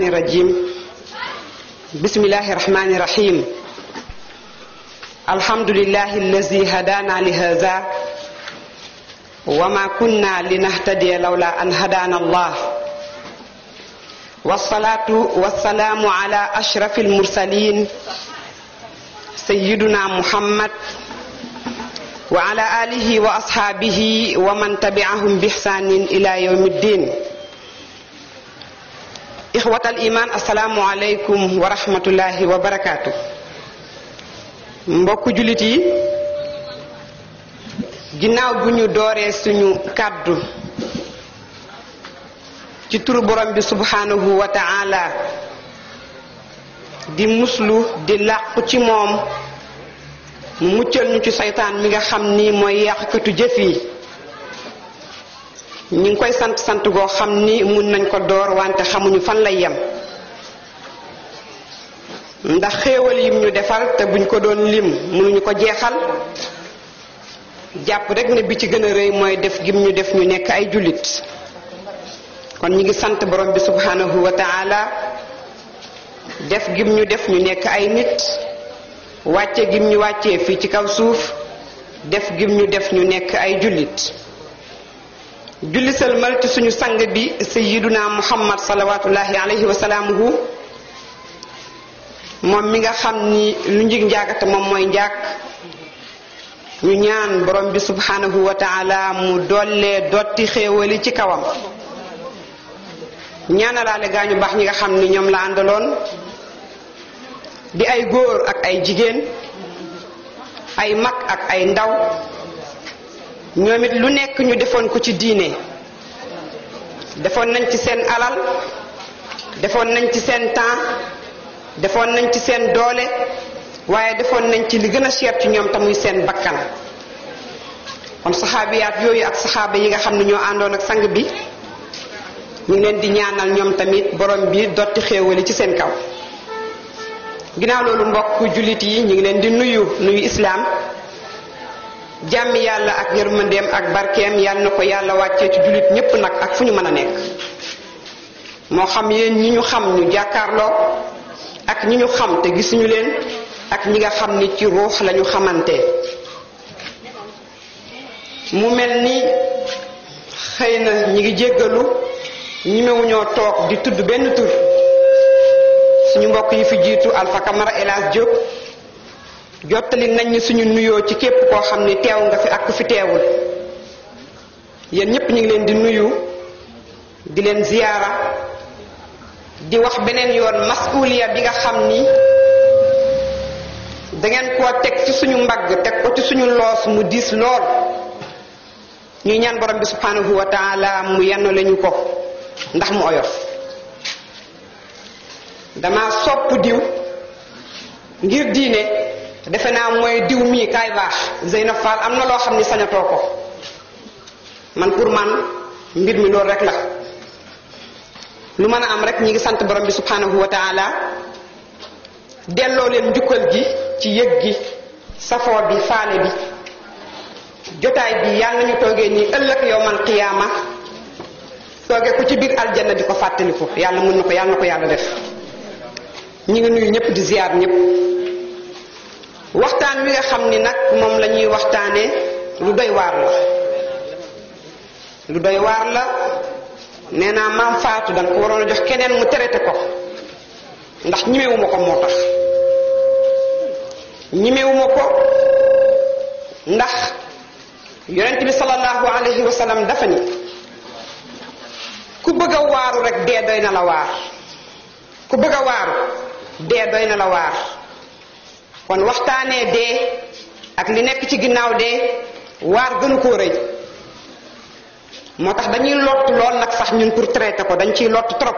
الشيطان الرجيم بسم الله الرحمن الرحيم الحمد لله الذي هدانا لهذا وما كنا لنهتدي لولا أن هدانا الله والصلاة والسلام على أشرف المرسلين سيدنا محمد وعلى آله وأصحابه ومن تبعهم بإحسان إلى يوم الدين ixwatal imaan asalaamu aleykum wa rahmatullahi wa barakaatu mbokku jullit yi ginnaaw bu ñu dooree suñu kàddu ci turu borom bi subhaanahu wa taala di muslu di làqu ci moom mu muccal ñu ci saytaan mi nga xam ni mooy yàqkatu jëf yi ñu ngi koy sant sant goo xam ni mun nañ ko door wante xamuñu fan lay yem ndax xéewal yim ñu defal te buñ ko doon lim ñu ko jeexal jàpp rek ne bi ci gën a rëy mooy def gim ñu def ñu nekk ay jullit kon ñi ngi sant borom bi subhanahu wa taala def gim ñu def ñu nekk ay nit wàcce gim ñu wàccee fii ci kaw suuf def gim ñu def ñu nekk ay jullit julli sëlmal ci suñu sang bi sayiduna muhammad salawatullahi alayhi wa salaamuhu moom mi nga xam ni lu njig njaagate moom mooy njaag ñu ñaan borom bi subhanahu wa taala mu dollee dotti xéewali ci kawam ñaanalaale gaa ñu baax ñi nga xam ni ñoom la àndaloon di ay góor ak ay jigéen ay mag ak ay ndaw ñoom it lu nekk ñu defoon ko ci diine defoon nañ ci seen alal defoon nañ ci seen temps defoon nañ ci seen doole waaye defoon nañ ci li gën a cher ci ñoom tamuy seen bakkan kon saxaabiyaat yooyu ak saxaaba yi nga xam ne ñoo àndoon ak sang bi ñu ngi leen di ñaanal ñoom tamit borom bi dotti xéewali ci seen kaw ginnaaw loolu mbokk jullit yi ñu ngi leen di nuyu nuyu islaam jàmm yàlla ak yërmandeem ak barkeem yàlla na ko yàlla wàccee ci jullit ñépp nag ak fu ñu mën a nekk moo xam yéen ñi ñu xam ñu jàkkaarloo ak ñi ñu xam te gisuñu leen ak ñi nga xam ni ci ruux lañu xamante mu mel ni xëy na ñi ngi jéggalu ñemewuñoo toog di tudd benn tur suñu mbokk yi fi jiitu Alpha Camara El Hadj jottali nañ ñu suñu nuyoo ci képp koo xam ni teew nga fi ak ku fi teewul yéen ñépp ñu ngi leen di nuyu di leen ziyaara di wax beneen yoon masuuliya bi nga xam ni dangeen koo teg ci suñu mbagg teg ko ci suñu loos mu diis lool ñuy ñaan borom bi subhanahu wa mu yenn lañu ko ndax mu oyof dama sopp diw ngir diine defe naa mooy diw mii kaay baax Zeyna Fall am na loo xam ni sañatoo ko man pour man mbir mi loolu rek la lu mën a am rek ñi ngi sant borom bi subhanahu wa taala delloo leen njukkal gi ci yëg gi safoo bi faale bi jotaay bi yàlla ñu toogee nii ëllëg yowmal qiyaama toogee ko ci biir aljanna di ko fàttaliku yàlla mun na ko yàlla yàlla def ñi ngi nuyu ñëpp di ziar ñépp waxtaan wi nga xam ni nag moom lañuy ñuy waxtaanee lu doy waar la lu doy waar la nee naa maam faatu danga ko waroon a jox keneen mu traité ko ndax ñimewuma ko moo tax ñimewuma ko ndax yonent bi sallallahu alayhi wa dafa ni ku bëgg a waaru rek dee doy na la waar ku bëgg a waaru dee doy na la waar kon waxtaanee dee ak li nekk ci ginnaaw de waar gënu koo rëy moo tax dañuy lott lool nag sax ñun pour traiter ko dañ ciy lott trop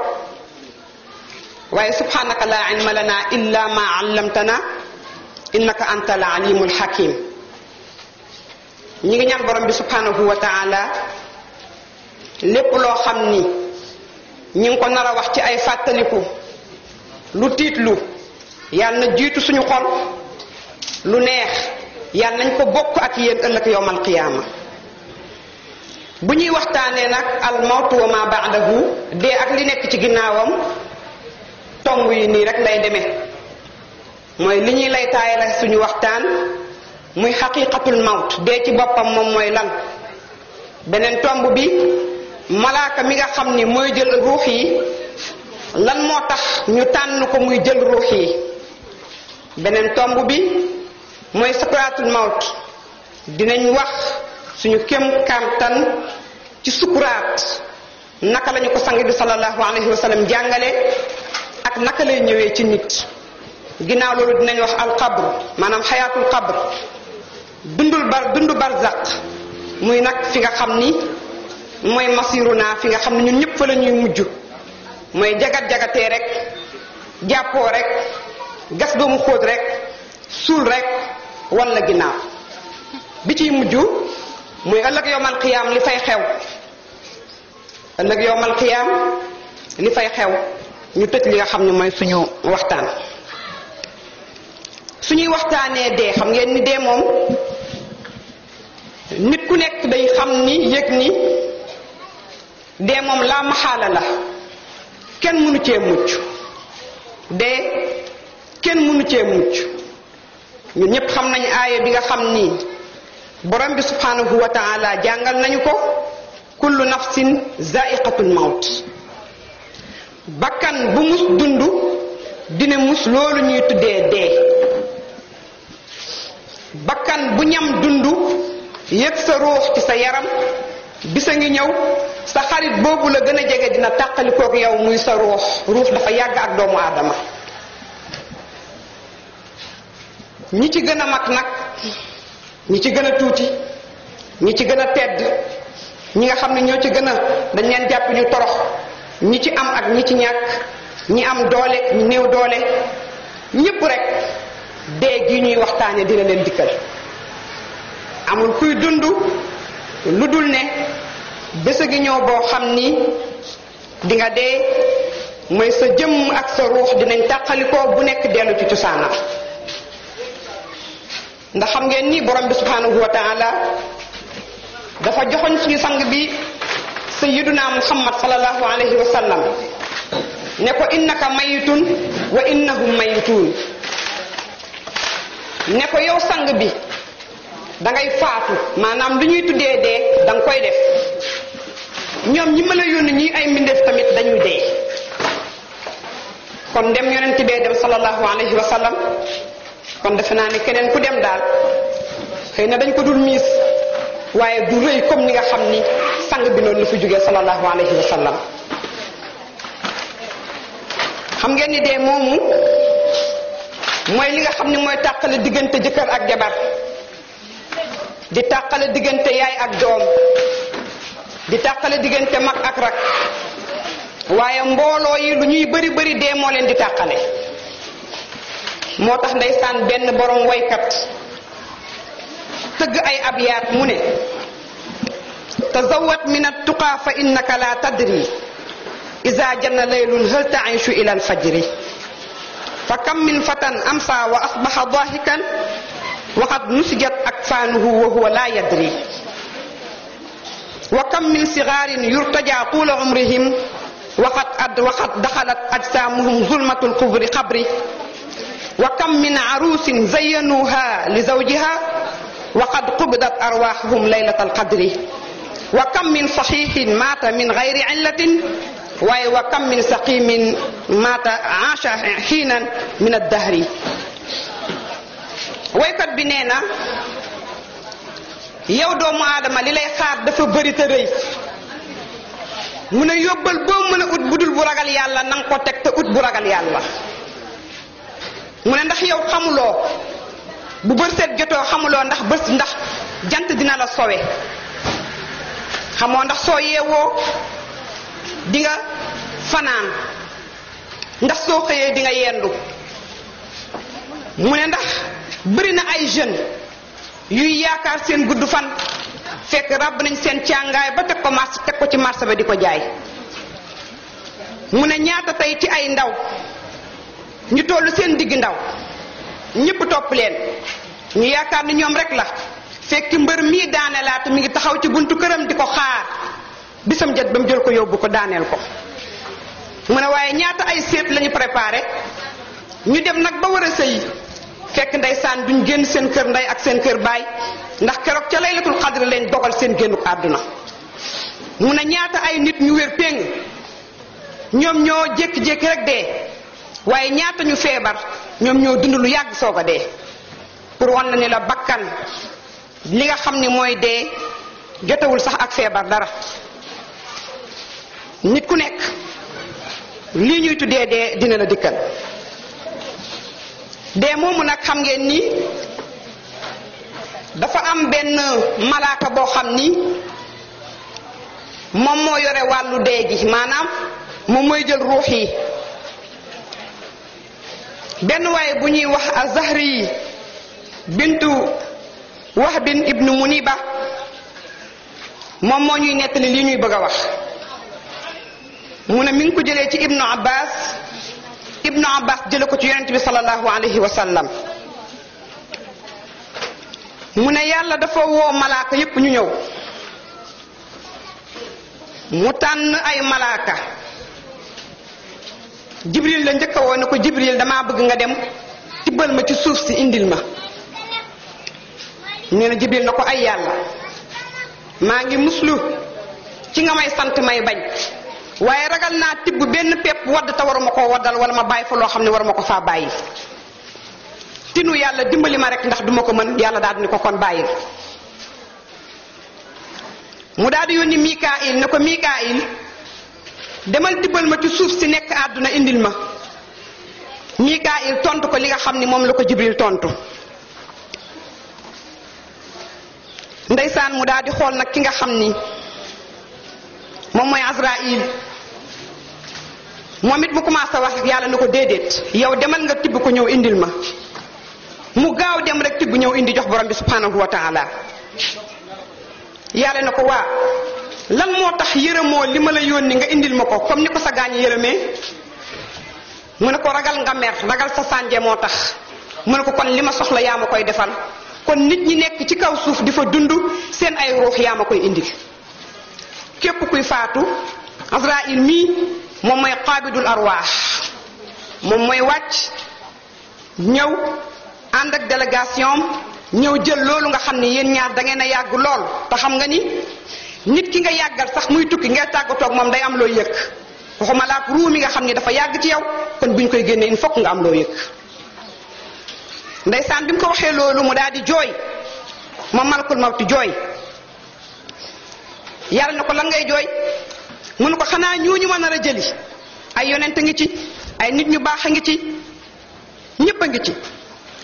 waaye subhanaka la ilma lana illa ma allamtana innaka anta al alimul hakim ñi ngi ñaan borom bi subhanahu wa taala lépp loo xam ni ñi ngi ko nar a wax ci ay fàttaliku lu lu yàlla na jiitu suñu xol lu neex yal nañ ko bokk ak yeen ëlëk yowmal qiyaama bu ñuy waxtaanee al mawtu wa ma ba'dahu ak li nekk ci ginnawam tong yi ni rek lay démé moy li ñuy lay nak suñu waxtaan muy haqiqatul mawt dee ci bopam mom moy lan benen tomb bi malaka mi nga xamni ni jël ruh yi lan motax ñu tànn ko muy jël ruh yi benen tomb bi mooy sakuraatul mawt dinañ wax suñu kem kàntan ci sukuraat naka lañu ko sangi du sallallahu alayhi wa sallam jàngale ak naka lay ñëwee ci nit ginnaaw loolu dinañ wax alxabr maanaam xayaatul xabr dundul bar dundu barzaq muy nag fi nga xam ni mooy masiru naa fi nga xam ne ñun ñëpp fa la ñuy mujj mooy jagat-jagatee rek jàppoo rek gas doomu xóot rek suul rek wan la ginnaaw bi ciy mujj muy ëllëg yowmal xiyaam li fay xew ëllëg yowmal xiyaam li fay xew ñu tëj li nga xam ni mooy suñu waxtaan suñuy waxtaanee dee xam ngeen ni dee moom nit ku nekk day xam ni yëg ni dee moom laa maxaala la kenn mënu ci mucc dee kenn mënu cee mucc ñun ñépp xam nañu aaya bi nga xam ni borom bi subhanahu wa taala jàngal nañu ko kullu nafsin zaiqatul maut bakkan bu mus dund dina mus loolu ñuy tuddee dee bakkan bu ñam dundu yëg sa ruux ci sa yaram bi sa ngi ñëw sa xarit boobu la gën a jege dina tàqalikoo yow muy sa ruux ruux dafa yàgg ak doomu aadama ñi ci gën a mag nag ñi ci gën a tuuti ñi ci gën a tedd ñi nga xam ne ñoo ci gën a dañ leen jàpp ñu torox ñi ci am ak ñi ci ñàkk ñi am doole ñi néew doole ñépp rekk dee gi ñuy waxtaane dina leen dikkal amul kuy dund lu dul ne bés a gi ñëw boo xam ni dinga nga dee mooy sa jëmm ak sa ruux dinañ tàqalikoo bu nekk dellu ci cosaanam ndax xam ngeen nii borom bi subhanahu wa taala dafa joxoñ suñu sang bi sayyiduna muhammad sallallahu alayhi wa sallam ne ko innaka mayitun wa innahum mayituun ne ko yow sang bi da ngay faatu maanaam lu ñuy tuddee de danga koy def ñoom ñi ma la yónni ñuy ay mbindeef tamit dañu dee kon dem yonent bee dem sallallahu alayhi wa sallam kon defe naa ne keneen ku dem daal xëy na dañ ko dul miis waaye du rëy comme ni nga xam ni sang bi noonu la fi jógee salallahu alayhi wa sallam xam ngeen ni dee moomu mooy li nga xam ni mooy tàqale diggante ak jabar di tàqale diggante yaay ak doom di tàqale diggante mag ak rak waaye mbooloo yi lu ñuy bari bari dee moo leen di tàqale motax ndaysan ben benn borom waykat teug ay abyaat muné ne min at-tuqa fa innaka la tadri ida janna laylun hal taishu ila al-fajr fa kam min fatan amsa wa asbaha dahikan akfanuhu wa huwa la yadri wa kam min صغار yurtaja qul umrihim وقد, أد وقد دخلت أجسامهم ظلمة القبر قبري وكم من عروس زينوها لزوجها وقد قبضت أرواحهم ليلة القدر وكم من صحيح مات من غير علة وكم من سقيم مات عاش حينا من الدهر ويكد بنينا يو دوم آدم للي خار دفع بريت ريس من يوبل بوم من أدبدل برغل يالا ننقو تكت أدبرغل يالا mu ne ndax yow xamuloo bu bër seet jotoo xamuloo ndax bës ndax jant dina la sowe xamoo ndax soo yeewoo dinga fanaan ndax soo xëyee dinga yendu mu ne ndax bëri na ay jeunes yuy yaakaar seen gudd fan fekk ràbb nañ seen càngaay ba teg ko marché teg ko ci marché bi di ko jaay mu ne ñaata tey ci ay ndaw ñu toll seen digg ndaw ñëpp topp leen ñu yaakaar ni ñoom rek la fekk mbër mii daane laata mi ngi taxaw ci buntu këram di ko xaar bisam jot ba mu jël ko yóbbu ko daaneel ko mu ne waaye ñaata ay seet lañu préparé ñu dem nag ba war a sëy fekk ndeysaan duñ génn seen kër ndey ak seen kër baay ndax keroog ca laylatul xadri lañ dogal seen génnuk àdduna mu ne ñaata ay nit ñu wér péng ñoom ñoo jékki-jékki rek dee waaye ñaata ñu feebar ñoom ñoo dund lu yàgg soog a dee pour wan la ne la bakkan li nga xam ni mooy dee jotewul sax ak feebar dara nit ku nekk lii ñuy tuddee dee dina la dikkal dee moomu nag xam ngeen nii dafa am benn malaata boo xam ni moom moo yore wàllu dee gi maanaam moom mooy jël ruux yi benn waaye bu ñuy wax azahri bintu wax bin ibnu muniba moom moo ñuy nettali li ñuy bëgg a wax mu ne mi ngi ko jëlee ci ibnu abbas ibnu abbas jële ko ci yonent bi salallahu alayhi wa sallam mu ne yàlla dafa woo malaaka yépp ñu ñëw mu tànn ay malaaka jibril la njëkk a woo ko jibril damaa bëgg nga dem tibbal ma ci suuf si indil ma nee na jibril na ko ay yàlla maa ngi muslu ci nga may sant may bañ waaye ragal naa tibb benn pepp wadd te waruma koo waddal wala ma bàyyi fa loo xam ne war ma ko faa bàyyi tinu yàlla dimbali ma rek ndax duma ko mën yàlla daal di ko kon bàyyil mu daal di yónni Mikaayil ne ko Mikaayil demal dibbal ma ci suuf si nekk àdduna indil ma Mikaayil tontu ko li nga xam ni moom la ko Jibril tontu ndeysaan mu daal di xool nag ki nga xam ni moom mooy Azraïl moom it mu commencé wax yàlla na ko déedéet yow demal nga tibb ko ñëw indil ma mu gaaw dem rek tibb ñëw indi jox borom bi subhanahu wa yàlla na ko waa lan moo tax yërëmoo li ma la yónni nga indil ma ko comme ni ko sa gaañ yërëmee mu ne ko ragal nga mer ragal sa sànje moo tax mu ne ko kon li ma soxla yaa ma koy defal kon nit ñi nekk ci kaw suuf di fa dund seen ay ruux yaa ma koy indil képp kuy faatu Azraïl mii moom mooy qaabidul arwaax moom mooy wàcc ñëw ànd ak délégation ñëw jël loolu nga xam ni yéen ñaar dangeen a yàgg lool te xam nga ni nit ki nga yàggal sax muy tukki ngay toog moom day am loo yëg waxuma laa ruu mi nga xam ni dafa yàgg ci yow kon buñ koy génnee il faut nga am loo yëg ndeysaan bi mu ko waxee loolu mu daal di jooy ma malakul mawti jooy yàlla na ko lan ngay jooy mu ne ko xanaa ñooñu ma nar a jëli ay yonent ngi ci ay nit ñu baax a ngi ci ñëpp a ngi ci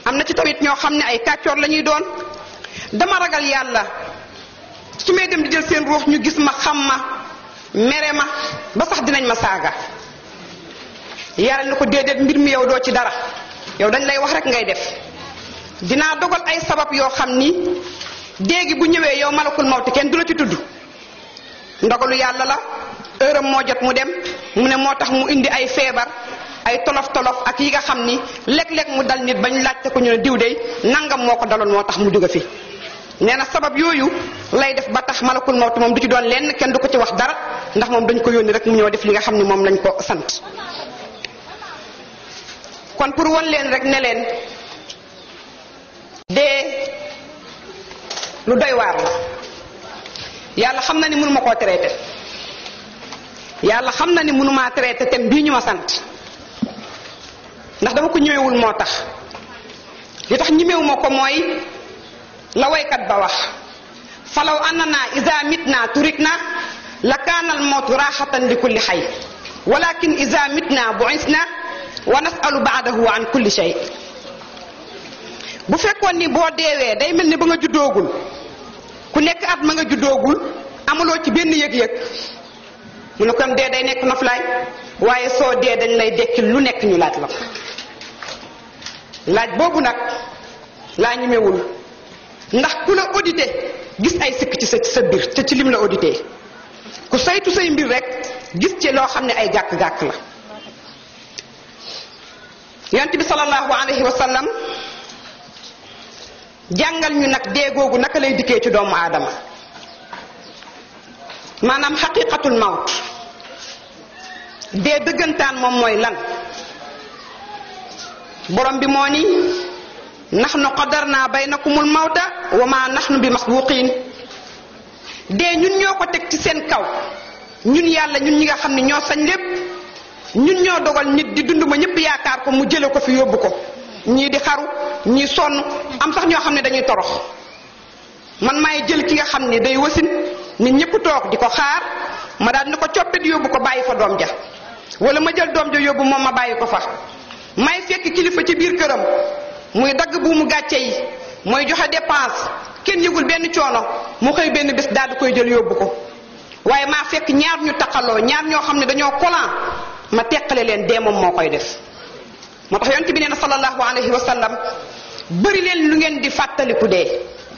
am na ci tamit ñoo xam ne ay kàccoor lañuy doon dama ragal yàlla su may dem di jël seen ruux ñu gis ma xam ma mere ma ba sax dinañ ma saaga yàlla na ko déedéet mbir mi yow doo ci dara yow dañ lay wax rek ngay def dinaa dogal ay sabab yoo xam ni déegi bu ñëwee yow malakul mawti kenn du la ci tudd ndogalu yàlla la heure moo jot mu dem mu ne moo tax mu indi ay feebar ay tolof tolof ak yi nga xam ni léeg-léeg mu dal nit ba ñu laajte ko ñu ne diw dey nangam moo ko daloon moo tax mu jóge fi nee na sabab yooyu lay def ba tax malakul mawt moom du ci doon lenn kenn du ko ci wax dara ndax moom dañ ko yónni rek mu ñoo def li nga xam ne moom lañ ko sant kon pour won leen rek ne leen dee lu doy waar la yàlla xam na ni mënuma koo traité yàlla xam na ni mënumaa traité thème bii ñu ma sant ndax dama ko ñëwewul moo tax li tax ñemewuma ko mooy la waykat ba wax falaw annana ida mitna turikna la kaana al mawtu raaxatan li kulli xay walakin ida mitna buisna wa nasalu baadahu an kulli shay bu fekkoon ni boo deewee day mel ni ba nga juddoogul ku nekk at ma nga juddoogul amuloo ci benn yëg-yëg mu ne kon dee day nekk noflaay waaye soo dee dañ lay dekki lu nekk ñu laaj la laaj boobu nag laa ñemewul ndax ku la audité gis ay sikk ci sa sa biir ci lim la audité ku saytu say mbir rek gis ci loo xam ne ay gàkk-gàkk la yonent bi sallallahu alayhi wa jàngal ñu nag dee googu naka lay dikkee ci doomu aadama maanaam xaqiqatul mawt dee dëggantaan moom mooy lan borom bi moo ni naa nahnu qadarna baynakumul mawta wa ma nahnu bi masbuqin dee ñun ñoo ko teg ci seen kaw ñun yàlla ñun ñi nga xam ne ñoo sañ lépp ñun ñoo dogal nit di dund ma ñëpp yaakaar ko mu jële ko fi yóbbu ko ñii di xaru ñii sonn am sax ñoo xam ne dañuy torox man maay jël ki nga xam ne day wasin nit ñëpp toog di ko xaar ma daan ni ko coppit yóbbu ko bàyyi fa doom ja wala ma jël doom ja yóbbu moom ma bàyyi ko fa may fekk kilifa ci biir këram muy dagg bu mu yi mooy joxe dépense kenn yëgul benn coono mu xëy benn bés daal di koy jël yóbbu ko waaye maa fekk ñaar ñu taqaloo ñaar ñoo xam ne dañoo kolan ma teqale leen dee moom moo koy def moo tax yonte bi nee na sallallahu alayhi wa sallam bëri leen lu ngeen di fàttaliku dee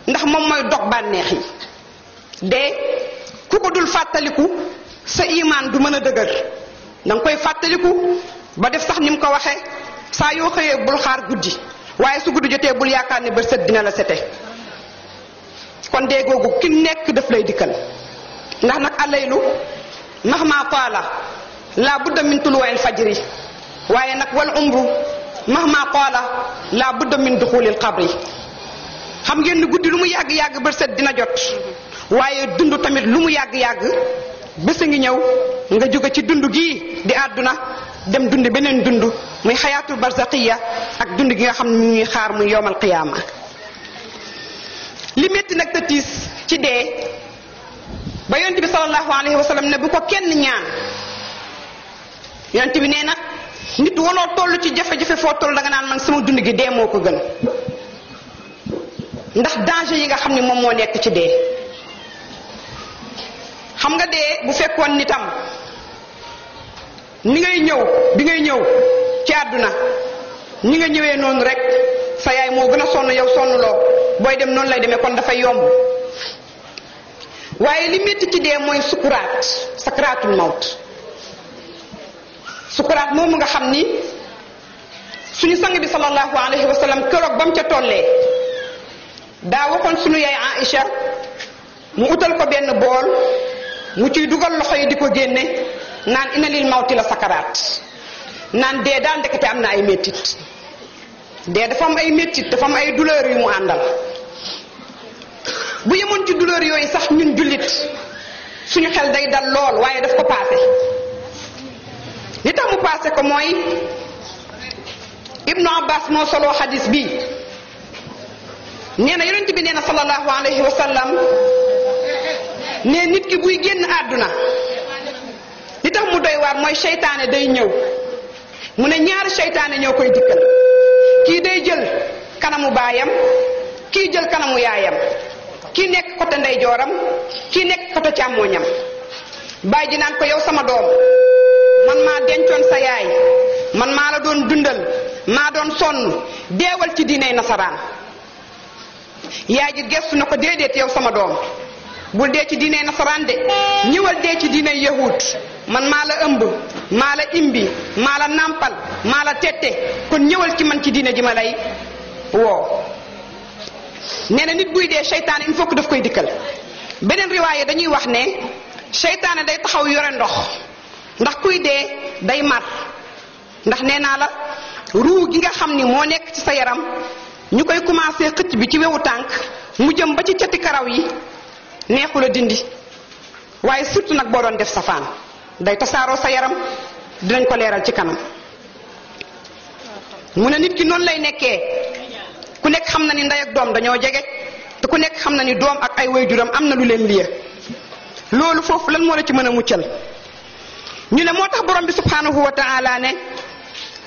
ndax moom mooy dog bànneex yi de ku ko dul fàttaliku sa imaan du mën a dëgër danga koy fàttaliku ba def sax ni mu ko waxee saa yoo xëyee bul xaar guddi waaye su guddi jotee bul yaakaar ne ba set dina la sete kon dee googu ki nekk daf lay dikkal ndax nag alaylu mahma qaala laa budda min tuluwaayil fajri waaye nag wal umru mahma qaala laa budda min duxulil xabri xam ngeen ni guddi lu mu yàgg yàgg ba set dina jot waaye dund tamit lu mu yàgg yàgg bés a ngi ñëw nga jóge ci dund gii di àdduna dem dund beneen dund muy xayaatul barzaqiya ak dund gi nga xam ne mu ngi xaar muy yowmal qiyaama li métti nag te ci dee ba yonent bi sallallahu alayhi wa ne bu ko kenn ñaan yonent bi nee nag nit waloo toll ci jafe-jafe foo toll danga naan man suma dund gi dee moo ko gën ndax danger yi nga xam ne moom moo nekk ci dee xam nga dee bu fekkoon nitam ni ngay ñëw bi ngay ñëw ci àdduna ni nga ñëwee noonu rek sa yaay moo gën a sonn yow sonn loo booy dem noonu lay demee kon dafay yomb waaye li métti ci dee mooy sukuraat sakaraatul mawt sukuraat moomu nga xam ni suñu sang bi sallallahu alayhi wa sallam ba mu ca tollee daa waxoon suñu yaay Aïcha mu utal ko benn bool mu ciy dugal loxo yi di ko génne naan ina lil mawti la sakaraat naan dee daal ndekete am na ay méttit dee dafa am ay méttit dafa am ay douleur yu mu àndal bu yemoon ci douleur yooyu sax ñun jullit suñu xel day dal lool waaye daf ko paase li tax mu paase ko mooy ibnu abbas moo solo xadis bi nee na yonent bi nee na sallallahu alayhi wa sallam ne nit ki buy génn àdduna li tax mu doy waar mooy seytaane day ñëw mu ne ñaari seytaane ñoo koy dikkal kii day jël kanamu baayam kii jël kanamu yaayam kii nekk côté ndeyjooram kii nekk côté càmmooñam baay ji naan ko yow sama doom man maa dencoon sa yaay man maa la doon dundal maa doon sonn deewal ci diiney nasaraan yaay ji gestu na ko déedéet yow sama doom bul dee ci diiney nasaraan de ñëwal dee ci diiney yahut man maa la ëmb maa la imbi maa la nàmpal maa la tete kon ñëwal ci man ci diine ji ma lay woo nee na nit buy dee seytaane il faut que daf koy dikkal beneen riwaaye dañuy wax ne seytaane day taxaw yore ndox ndax kuy dee day mar ndax nee naa la ruu gi nga xam ni moo nekk ci sa yaram ñu koy commencé xëcc bi ci wewu tànk mu jëm ba ci cati karaw yi neexul a dindi waaye surtout nag boo doon def safaan day tasaaroo sa yaram dinañ ko leeral ci kanam mu ne nit ki noonu lay nekkee ku nekk xam na ni ndey ak doom dañoo jege te ku nekk xam na ni doom ak ay waajuram am na lu leen liya loolu foofu lan moo la ci mën a muccal ñu ne moo tax borom bi subhanahu wa taala ne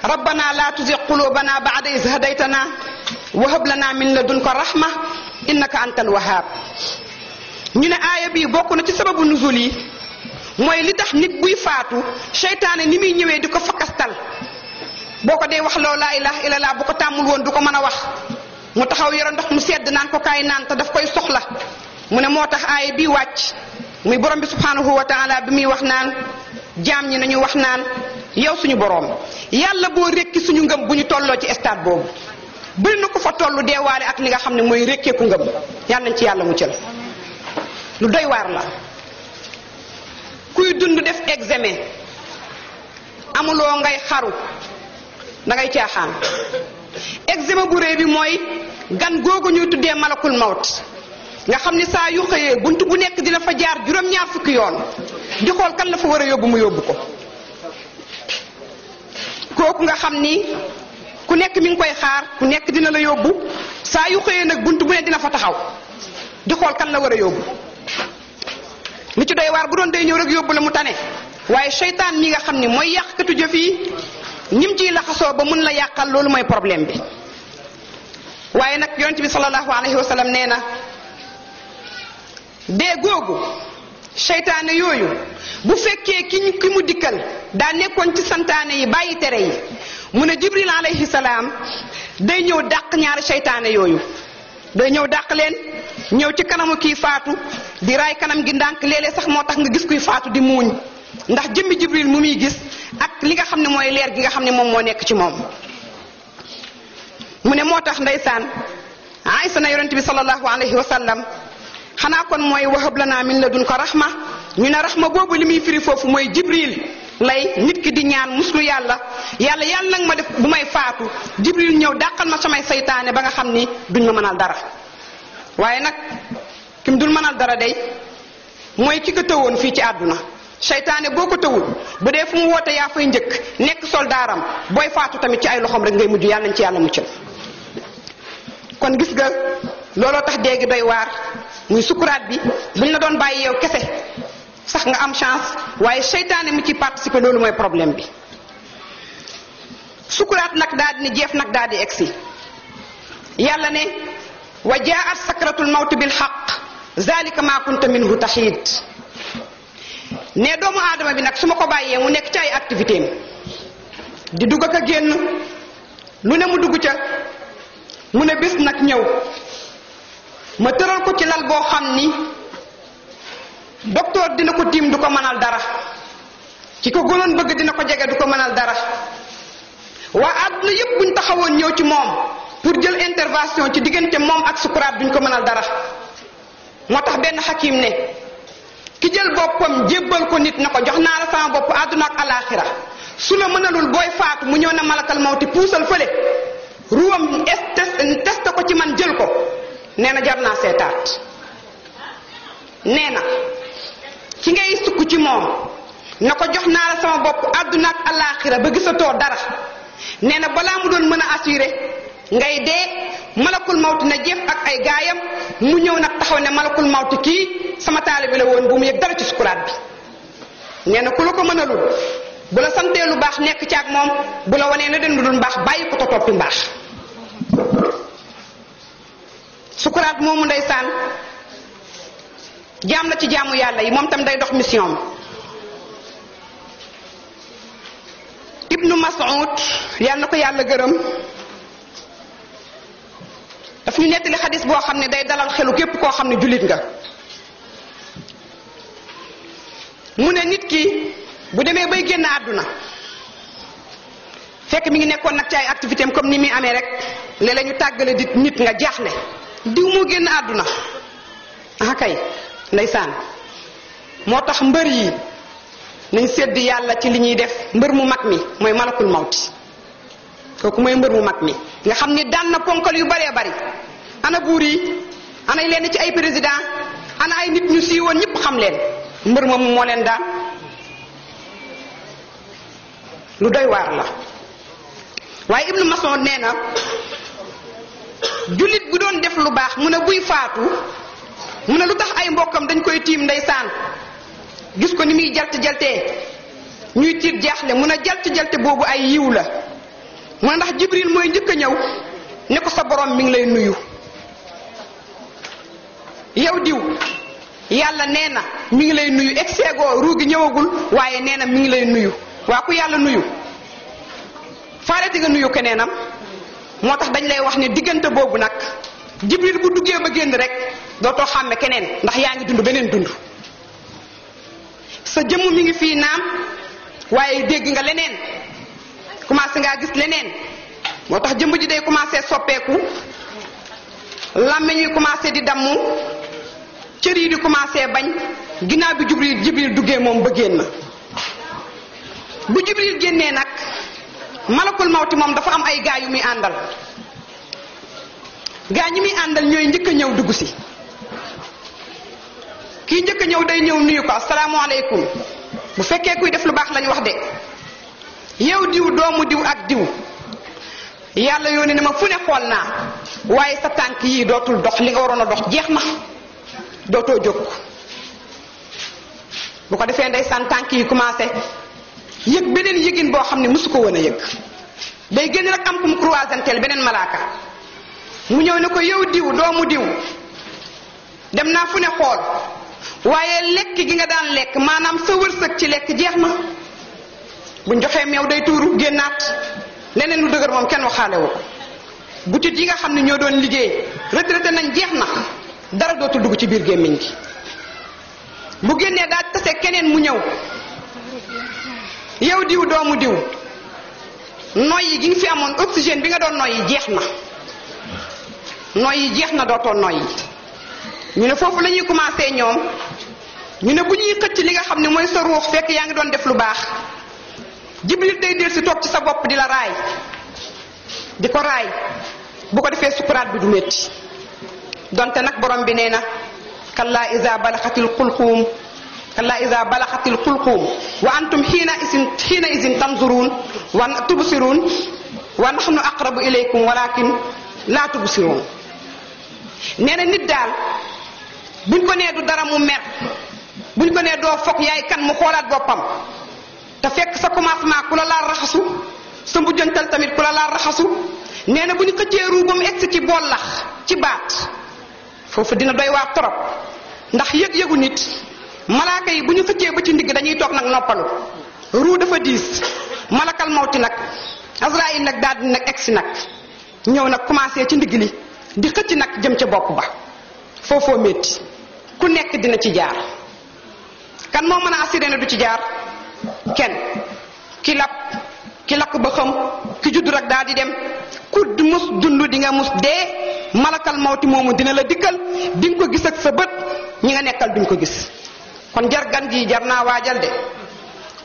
rabbana la tuzi qulubana baada is hadaytana wa hab lana min ladunka rahma innaka antal wahab ñu ne aaya bii bokk na ci sababu nuzul yi mooy li tax nit buy faatu seytaane ni muy ñëwee di ko fakastal boo ko dee wax loo laa ilaha illallah bu ko tàmmul woon du ko mën a wax mu taxaw yore ndox mu sedd naan ko kaay naan te daf koy soxla mu ne moo tax aaya bii wàcc muy borom bi subhanahu wa taala bi muy wax naan jaam ñi nañuy wax naan yow suñu borom yàlla boo rekki suñu ngëm bu ñu tolloo ci stade boobu bëri na ko fa tollu deewaale ak li nga xam ne mooy rekkeeku ngëm yàlla ci yàlla mu cël lu doy waar la kuy dund def examen amuloo ngay xaru dangay ngay caaxaan examen bu réy bi mooy gan googu ñuy tuddee malakul mawt nga xam ni saa yu xëyee bunt bu nekk dina fa jaar juróom-ñaar fukki yoon di xool kan la fa war a yóbbu mu yóbbu ko kooku nga xam ni ku nekk mi ngi koy xaar ku nekk dina la yóbbu saa yu xëyee nag bunt bu ne dina fa taxaw di xool kan la war a yóbbu li ci doy waar bu doon day ñëw rek yóbbu la mu tane waaye seytaane mi nga xam ni mooy yàqkatu jëf yi ñim ciy laxasoo ba mun la yàqal loolu mooy problème bi waaye nag yonent bi sallallahu alayhi wa sallam nee na dee googu seytaane yooyu bu fekkee ki ki mu dikkal daa nekkoon ci santaane yi bàyyi tere yi mu ne jibril alayhi salaam day ñëw dàq ñaari seytaane yooyu day ñëw dàq leen ñëw ci kanamu kii faatu di raay kanam gi ndànk léeg-léeg sax moo tax nga gis kuy faatu di muuñ ndax jëmmi jibril mu muy gis ak li nga xam ne mooy leer gi nga xam ne moom moo nekk ci moom mu ne moo tax ndeysaan Aysa na yonent bi sallallahu alayhi wa sallam xanaa kon mooy wahab lanaa min ladunka rahma ñu ne ma boobu li muy firi foofu mooy jibril lay nit ki di ñaan muslu yàlla yàlla yàlla nag ma def bu may faatu jibril ñëw dàqal ma samay saytaane ba nga xam ni duñ ma dara waaye nag kim dul mënal dara day mooy ki ko tëwoon fii ci àdduna seytaane boo ko tëwul bu dee fu mu wootee yaa fay njëkk nekk soldaaram booy faatu tamit ci ay loxoom rek ngay mujj yàlla nañ ci yàlla muccal kon gis ga looloo tax déegi doy waar muy sukkuraat bi buñ la doon bàyyi yow kese sax nga am chance waaye seytaane mu ci participer loolu mooy problème bi sukuraat nag daal ni jeef nag daal di egsi yàlla ne wa jaat sakratul mawti bil xaq zalika ma kunta minhu taxiid ne doomu aadama bi nag su ma ko bàyyee mu nekk ci ay activité di dugg ak a génn lu ne mu dugg ca mu ne bis nag ñëw ma tëral ko ci lal boo xam ni docteur dina ko tiim du ko mënal dara ci ko gënoon bëgg dina ko jege du ko mënal dara waa àdduna yépp buñ taxawoon ñëw ci moom pour jël intervention ci diggante moom ak sukuraat duñ ko mënal dara moo tax benn xakim ne ki jël boppam jébbal ko nit na ko jox naa la sama bopp àdduna ak alaaxira su la mënalul booy faatu mu ñëw na malakal mawti puusal fële ruwam test ko ci man jël ko nee na jar naa seetaat nee na ki ngay ci moom na ko jox naa la sama bopp àdduna ak alaaxira ba gisatoo dara nee na balaa mu doon mën a assuré ngay dee malakul mawti na jëf ak ay gaayam mu ñëw nag taxaw ne malakul mawti kii sama taalibe la woon bu mu yëg dara ci sukuraat bi nee ku la ko mënalul bu la santee lu baax nekk ci ak moom bu la wanee na den lu dul mbaax bàyyi ko ko toppi mbaax sukuraat moomu ndeysaan jaam la ci jaamu yàlla yi moom tam day dox mission ibnu Mas'ud yàlla na ko yàlla gërëm daf ñu nettali xadis boo xam ne day dalal xelu képp koo xam ne jullit nga mu ne nit ki bu demee bay génn àdduna fekk mi ngi nekkoon nag ci ay activité am comme ni muy amee rek ne la ñu tàggale di nit nga jaaxle diw moo génn àdduna ah kay ndeysaan moo tax mbër yi nañ sedd yàlla ci li ñuy def mbër mu mag mi mooy malakul mawti kooku mooy mbër mu mag mi nga xam ni daan na ponkal yu baree bari ana buur yi ana leen ci ay président ana ay nit ñu siiwoon ñëpp xam leen mbër moomu moo leen daan lu doy waar la waaye Ibnu Mas'ud nee na jullit bu doon def lu baax mu ne buy faatu mu ne lu tax ay mbokkam dañ koy tiim ndeysaan gis ko ni muy jalt jalte ñuy tiit jaaxle mu a jalt jalte boobu ay yiw la mu ne ndax jibril mooy njëkk a ñëw ne ko sa borom mi ngi lay nuyu yow diw yàlla nee na mi ngi lay nuyu egseegoo ruu gi ñëwagul waaye nee na mi ngi lay nuyu waa ku yàlla nuyu faale di nga nuyu keneenam moo tax dañ lay wax ne diggante boobu nag jibril bu duggee ba génn rek dootoo xàmme keneen ndax yaa ngi dund beneen dund sa jëmm mi ngi fii naam waaye dégg nga leneen commencé ngaa gis leneen moo tax jëmb ji day commencé soppeeku làmmiñ yi commencé di damm cër yi di commencé bañ ginnaaw bi jibril jibril duggee moom bëggeen na bu jibril génnee nag malakul mawti moom dafa am ay gaa yu muy àndal gaa ñi muy àndal ñooy njëkk a ñëw dugg si kii njëkk ñëw day ñëw nuyu ko asalaamaaleykum bu fekkee kuy def lu baax lañ wax de yow diw doomu diw ak diw yàlla yónni ne ma fu ne xool naa waaye sa tànk yi dootul dox li nga waroon a dox jeex na dootoo jóg bu ko defee ndeysaan tànk yi commencé yëg beneen yëgin boo xam ne mosu ko woon a yëg day génn rek am ku mu croisanteel beneen malaaka mu ñëw ne ko yow diw doomu diw dem naa fu ne xool waaye lekk gi nga daan lekk maanaam sa wërsëg ci lekk jeex na buñ joxee meew day tuuru génnaat leneen lu dëgër moom kenn waxaale wu ko butit yi nga xam ne ñoo doon liggéey retraité nañ jeex na dara dootul dugg ci biir gémmiñ gi bu génnee daa tase keneen mu ñëw yow diw doomu diw noyyi gi nga fi amoon oxygène bi nga doon noyyi jeex na noyyi jeex na dootoo noyyi ñu ne foofu lañuy ñuy commencé ñoom ñu ne bu ñuy xëcc li nga xam ne mooy sa ruux fekk yaa ngi doon def lu baax jibril day del situ tok ci sa bop di la ray di ko ray bu ko defé sukurat bi du metti donte nak borom bi neena kala kalla balaghatil qulqum kala iza balaghatil qulqum wa antum hina isin hina izin tanzurun, wa tubsirun wa nahnu aqrabu ilaykum walakin la tubsirun neena nit dal buñ ko né du dara mu mer buñ ko né do fokk yaay kan mu xolat bopam te fekk sa commencement ku la laal raxasu sa mujjantal tamit ku la laal raxasu nee na bu ñu xëccee ruu ba mu egsi ci bollax ci baat foofu dina doy waa torop ndax yëg-yëgu nit malaaka yi bu ñu xëccee ba ci ndigg dañuy toog nag noppalu ruu dafa diis malakal mawti nag Azraïl nag daal di nag egsi nag ñëw nag commencé ci ndigg li di xëcc nag jëm ca bopp ba foofoo métti ku nekk dina ci jaar kan moo mën a assuré na du ci jaar Ken, ki lak ki lak ba xam ki judd rek daal di dem ku mus dund di nga mus dee malakal mawti moomu dina la dikkal di gisak ko gis ak sa bët ñi nga nekkal duñ ko gis kon jar gan gi jar naa waajal de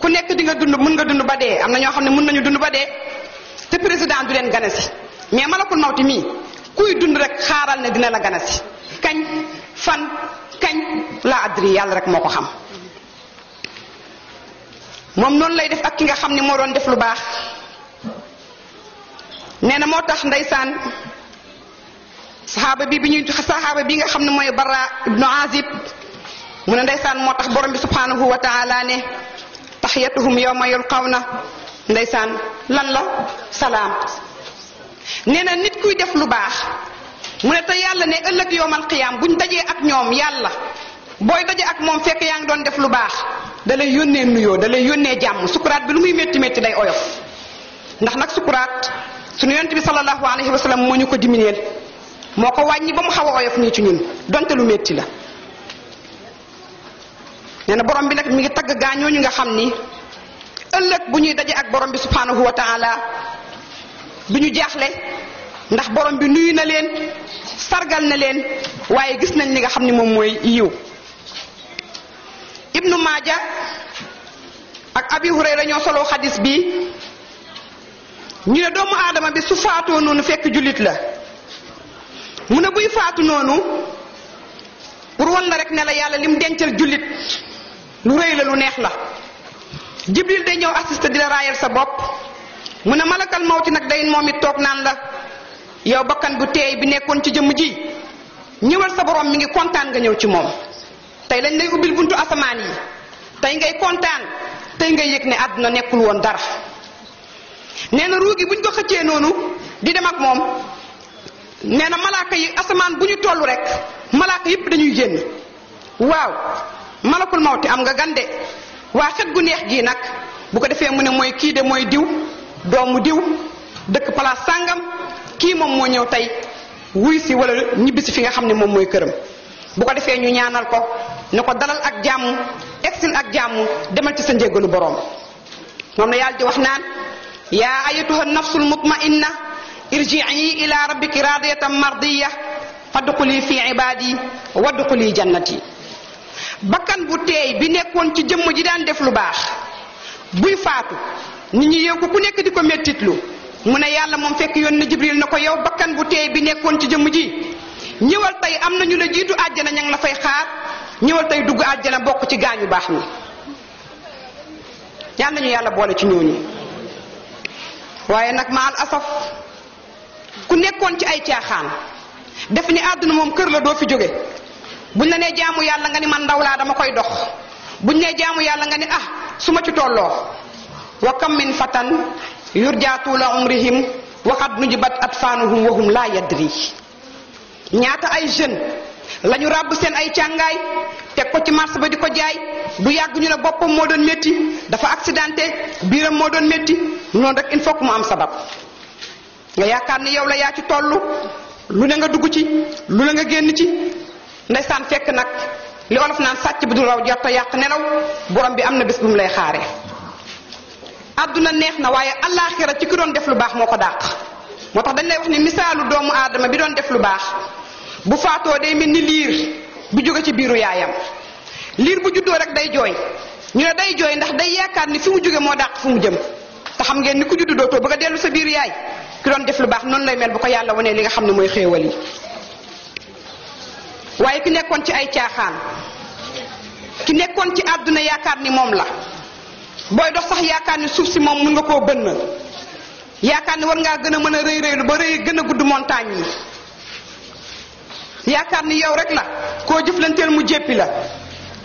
ku nekk di nga dund mën nga dund ba dee am na ñoo xam ne mën nañu dund ba dee te président du leen gane si mais malakul mawti mii kuy dund rek xaaral ne dina la gane si kañ fan kañ la adri yàlla rek moo ko xam mom non lay def ak ki nga xamni mo doon def lu bax neena mo tax ndaysan sahaba bi bi ñuy sahaba bi nga xamni moy bara ibnu azib mu ne ndaysan mo tax borom bi subhanahu wa taala ne tahiyatuhum yawma yulqawna ndaysan lan la salam neena nit kuy def lu bax mu ne ta yàlla ne ëlëk yowmal qiyam buñ dajé ak ñoom yàlla boy daje ak mom fekk yaang doon def lu bax dalay yónnee nuyoo dalay yónnee jàmm sukuraat bi lu muy métti métti day oyof ndax nag sukuraat suñu yonent bi sa alayhi wa sallam moo ñu ko diminuer moo ko wàññi ba mu xaw a oyof nii ci ñun lu métti la nee na borom bi nag mi ngi tagg gaañooñu nga xam ni ëllëg bu ñuy daje ak borom bi subhanahu wa taala du ñu jaaxle ndax borom bi nuyu na leen sargal na leen waaye gis nañ li nga xam ni moom mooy yiw ibnu maaja ak abi hurayra ñoo soloo xadis bi ñu ne doomu aadama bi su faatoo noonu fekk jullit la mu ne buy faatu noonu pour wan la rek ne la yàlla lim dencal jullit lu rëy la lu neex la jibril day ñëw assisté di la raayal sa bopp mu ne malakal mawti nag day moom it toog naan la yow bakkan bu teey bi nekkoon ci jëmm ji ñëwal sa borom mi ngi kontaan nga ñëw ci moom tey dañ lay ubbil buntu asamaan yi tey ngay kontaan tey ngay yëg ne àdduna nekkul woon dara nee na ruugi buñ ko xëccee noonu di dem ak moom nee na malaaka yi asamaan bu ñu toll rek malaaka yëpp dañuy génn waaw malakul mawti am nga gande waa xet gu neex gii nag bu ko defee mu ne mooy kii de mooy diw doomu diw dëkk palaas sàngam kii moom moo ñëw tey wuy si wala ñibbisi fi nga xam ne moom mooy këram bu ko defee ñu ñaanal ko ne ko dalal ak jàmm egsil ak jàmm demal ci sa njéggalu boroom moom na yàlla di wax naan yaa ayatuha nafsul mutmainna irjii ila rabbiki radiyatan mardiya fadxuli fi ibaadi wadxuli jannati bakkan bu teey bi nekkoon ci jëmm ji daan def lu baax buy faatu nit ñi yow ko ku nekk di ko mettitlu mu ne yàlla moom fekk yoon na jibril na ko yow bakkan bu teey bi nekkoon ci jëmm ji ñëwal tey am na ñu la jiitu àjjana ña ngi la fay xaar ñëwal tey dugg àjjana bokk ci gaañu baax ñi yal nañu yàlla boole ci ñooñu waaye nag ma al asaf ku nekkoon ci ay caaxaan def ni àdduna moom kër la doo fi jóge buñ la nee jaamu yàlla nga ni man ndaw laa dama koy dox buñ nee jaamu yàlla nga ni ah su ma ci tolloo wa kam min fatan yurjaatu la umrihim waxat nujibat atfaanuhum wahum laa yadri ñaata ay jeunes lañu ràbb seen ay càngaay teg ko ci marché ba di ko jaay du yàgg ñu ne boppam moo doon métti dafa accidenté biiram moo doon métti noonu rek il faut que mu am sabab nga yaakaar ni yow la yaa ci toll lu ne nga dugg ci lu ne nga génn ci ndeysaan fekk nag li olof naan sàcc bi du raw jot a yàq nelaw borom bi am na bés bu mu lay xaare àdduna neex na waaye allaaxira ci ki doon def lu baax moo ko dàq moo tax dañ lay wax ni misaalu doomu aadama bi doon def lu baax bu faato day melni lire bu joge ci biiru yaayam lire bu juddo rek day joy ñu ne day joy ndax day yaakaar ni fi mu jóge moo dàq fu mu jëm ta xam ngeen ni ku juddo dootoo bëgg a sa biiru yaay ki doon def lu baax non lay mel bu ko yalla wanee li nga xamne moy xéewal yi waye ki nekkon ci ay tiaxaan ki nekkon ci aduna ni mom la boy dox sax ni suuf ci mom mu nga ko bënn ni war nga gëna mëna reey reey lu ba reey gëna montagne yaakaar ni yow rek la koo jëflanteel mu jéppi la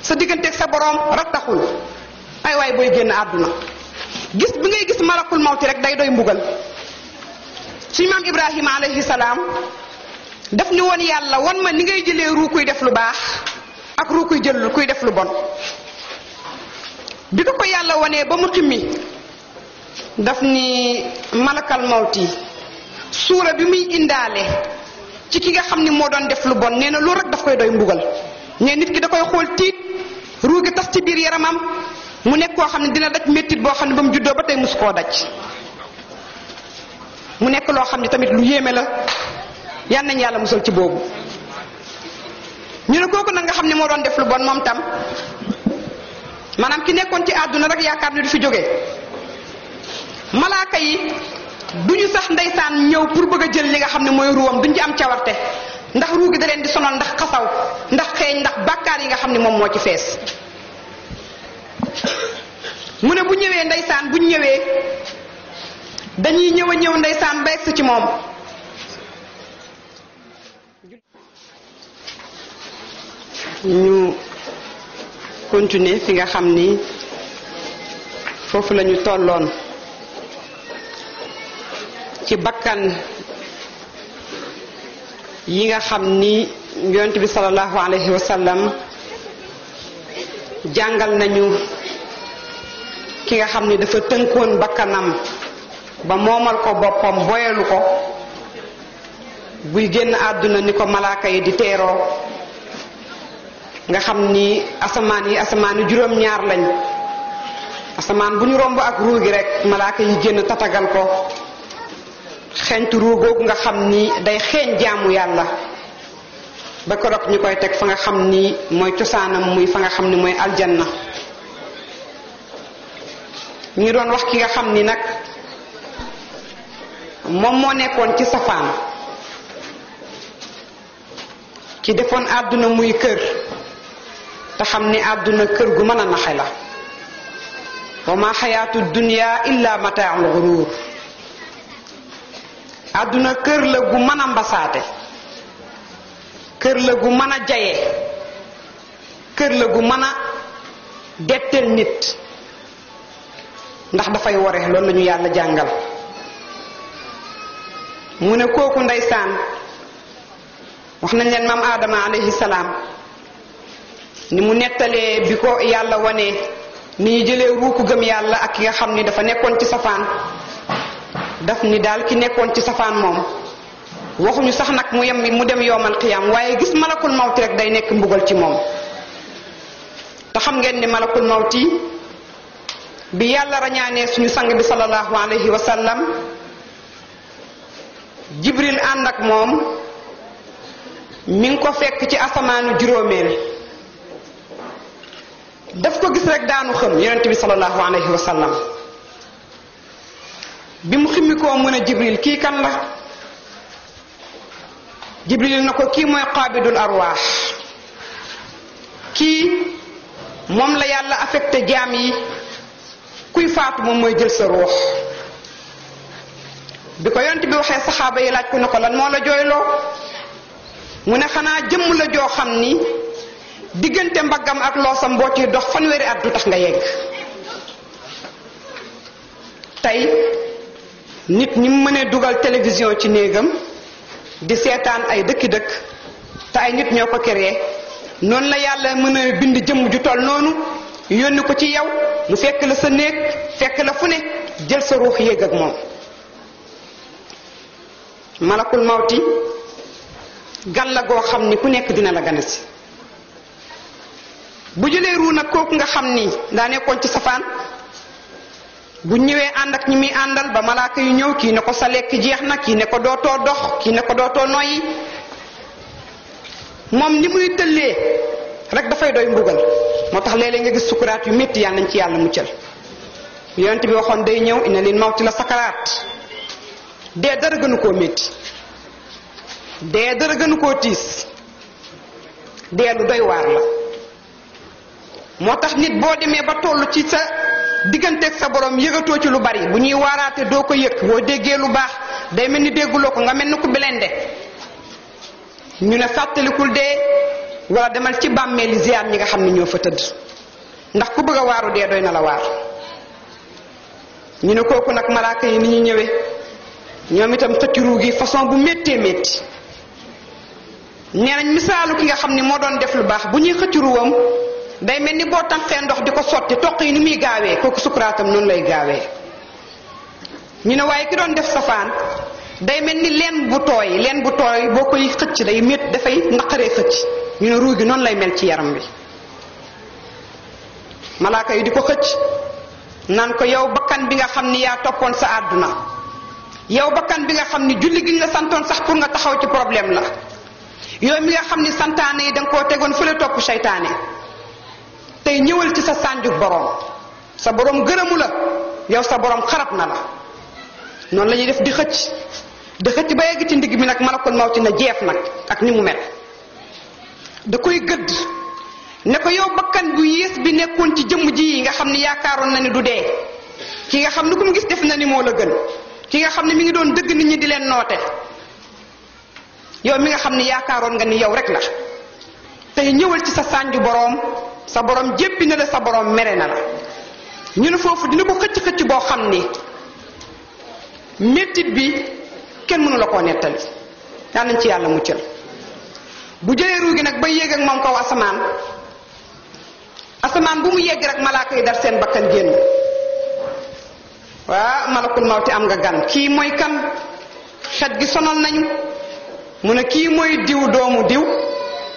sa digganteeg sa boroom rattaxul ay waay booy génn àdduna gis bi ngay gis malakul mawti rek day doy mbugal si maam ibrahima alayhi salaam daf ni woon yàlla won ma ni ngay jëlee ruu kuy def lu baax ak ruu kuy jël kuy def lu bon bi ko ko yàlla wonee ba mu ximmi daf ni malakal mawti suura bi muy indaale ci ki nga xamni ni doon def lu bon neena lu rek daf koy doy mbugal ne nit ki da koy xol tiit ru gi tass ci bir yaramam mu nek ko xamni dina daj metti bo xamni bam juddo batay juddoo ba mus koo daj mu nek lo xamni tamit lu yeme la yan nañ yalla musal ci bobu ñu ne koku na nga xamni mo doon def lu bon mom tam Manam ki nekkon ci aduna rek yaakar ni du fi joge malaaka yi ñu sax ndeysaan ñëw pour bëgg jël li nga xam ne mooy ruwam ñu ci am cawarte ndax ruu gi daleen di sonal ndax xasaw ndax xeeñ ndax bàkkaar yi nga xam ne moom moo ci fees mu ne bu ñëwee ndeysaan buñ ñëwee dañuy ñëw a ñëw ndeysaan ba egsi ci moom ñu continuer fi nga xam ni foofu lañu tolloon ci bakkan yi nga xam ni yonent bi sallallahu alayhi wa sallam jangal nañu ki nga xam ni dafa tënkoon bakkanam ba moomal ko boppam boyalu ko buy génn àdduna ni ko malaaka yi di teeroo nga xam ni asamaan yi asamaan yi juróom ñaar lañ asamaan bu ñu ak ruugi rek malaaka yi génn tatagal ko xeeñtu ruugoogu nga xam ni day xeeñ jaamu yàlla ba korok ñu koy teg fa nga xam ni mooy cosaanam muy fa nga xam ni mooy aljanna ñu doon wax ki nga xam ni nag moom moo nekkoon ci safaan ki defoon àdduna muy kër te xam ni àdduna kër gu mën a naxe la wa ma xayaatu dunya illa mataaul xuruur àdduna kër la gu man a mbasaate kër la gu mën a jaye kër la gu mën a dettel nit ndax dafay ware loolu lañu yàlla jàngal mu ne kooku ndeysaan wax nañ leen maam aadama alayhi salaam ni mu nettalee bi ko yàlla wanee ni ñu jëlee ruuku gëm yàlla ak ki nga xam ni dafa nekkoon ci safaan daf ni daal ki nekkoon ci safaan moom waxuñu sax nag mu yem mu dem yoomal xiyaam waaye gis malakul mawti rek day nekk mbugal ci moom te xam ngeen ni malakul mawti bi yàlla rañaanee suñu sang bi sallallahu alayhi wa sallam jibril ànd ak moom mi ngi ko fekk ci asamaanu juróomeel daf ko gis rek daanu xam yonent bi sallallahu alayhi wa sallam bi mu ximmi koo mu ne jibril kii kan la jibril na ko kii mooy qaabidul arwaax kii moom la yàlla affecté jaam yi kuy faatu moom mooy jël sa ruux bi ko yont bi waxee saxaaba yi laaj ku ne ko lan moo la jooyloo mu ne xanaa jëmm la joo xam ni diggante mbaggam ak loosam boo ciy dox fanweeri at du tax nga yegg tey nit ñi mu mënee dugal télévision ci néegam di seetaan ay dëkki-dëkk te ay nit ñoo ko créé noonu la yàlla mën a bind jëmm ju toll noonu yónni ko ci yow mu fekk la sa néeg fekk la fu ne jël sa ruux yéeg ak moom malakul mawti gan la goo xam ni ku nekk dina la gane si bu jëlee ruu nag kooku nga xam ni daa nekkoon ci safaan bu ñëwee ànd ak ñi muy àndal ba malaaka yu ñëw kii ne ko sa lekk jeex na kii ne ko dootoo dox kii ne ko dootoo noyyi moom ni muy tëllee rek dafay doy mbugal moo tax léeg-léeg nga gis sukuraat yu métti yàlla nañ ci yàlla muccal yonent bi waxoon day ñëw ina lil mawti la sakaraat dee dara gënu koo métti dee dara gënu koo tiis dee lu doy waar la moo tax nit boo demee ba toll ci sa digganteeg sa borom yëgatoo ci lu bari bu ñuy waaraate doo ko yëg boo déggee lu baax day mel ni dégguloo ko nga mel ni ko ku de ñu ne fàttalikul de wala demal ci bàmmeeli ziyaar ñi nga xam ni ñoo fa tëdd ndax ku bëgg a waaru de doy na la waar ñu ne kooku nag malaaka yi ni ñu ñëwee ñoom itam xëcciru gi façon bu mettee métti nee nañ misaalu ki nga xam ne moo doon def lu baax bu ñuy xëcciruwam day mel ni boo tànqee ndox di ko sotti toq yi ni muy gaawee kooku sukuraatam noonu lay gaawee ñu ne waaye ki doon def safaan day mel ni leen bu tooy leen bu tooy boo koy xëcc day mét dafay naqaree xëcc ñu ne gi noonu lay mel ci yaram wi malaaka yi di ko xëcc naan ko yow bakkan bi nga xam ni yaa toppoon sa àdduna yow bakkan bi nga xam ni julli gi ñu la santoon sax pour nga taxaw ci problème la yow mi nga xam ni santaane yi danga ko tegoon fële topp seytaane tey ñëwal ci sa sànjuk boroom sa boroom gërëmu la yow sa boroom xarab na la noonu lañuy def di xëcc di xëcc ba yegg ci ndigg mi nag malakul ci na jeef nag ak ni mu mel da koy gëdd ne ko yow bakkan bu yées bi nekkoon ci jëmm ji yi nga xam ne yaakaaroon na ni du dee ki nga xam ne ku mu gis def na ni moo la gën ki nga xam ne mi ngi doon dëgg nit ñi di leen noote yow mi nga xam ne yaakaaroon nga ni yow rek la tey ñëwal ci sa sànju boroom sa borom jéppi na la sa boroom mere na la ñu ne foofu dina ko xëcc xëcc boo xam ne mettit bi kenn mënu la koo nettali yaa nañ ci yàlla mu cël bu jëlee ruu gi nag ba yéeg ak moom kaw asamaan asamaan bu mu yegg rek malaaka yi dar seen bakkan génn waa malakul mawti am nga gan kii mooy kan xet gi sonal nañu mu ne kii mooy diw doomu diw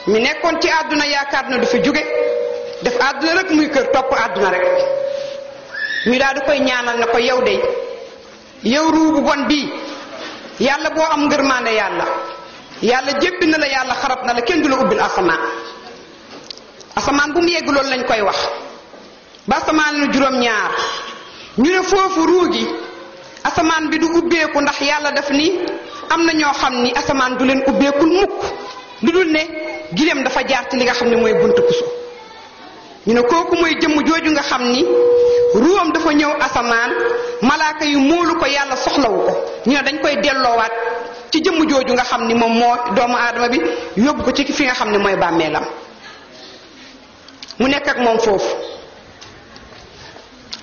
mu nekkoon ci àdduna yaakaar na du fi jóge def àdduna rek muy kër topp àdduna rek ñu daal di koy ñaanal na ko yow de yow ruu bon bii yàlla boo am ngërmaande yàlla yàlla jéppi na la yàlla xarab na la kenn du la ubbil asamaan asamaan bu mu yegg loolu lañ koy wax ba asamaan nu juróom-ñaar ñu ne foofu ruu asamaan bi du ubbeeku ndax yàlla def nii am na ñoo xam ni asamaan du leen ubbeekul mukk lu dul ne gileem dafa jaar ci li nga xam ne mooy bunt puso ñu ne kooku mooy jëmm jooju nga xam ni ruwam dafa ñëw asamaan malaaka yu moolu ko yàlla soxlawu ko ñu ne dañ koy delloowaat ci jëmm jooju nga xam ni moom moo doomu aadama bi yóbbu ko ci fi nga xam ni mooy bàmmeelam mu nekk ak moom foofu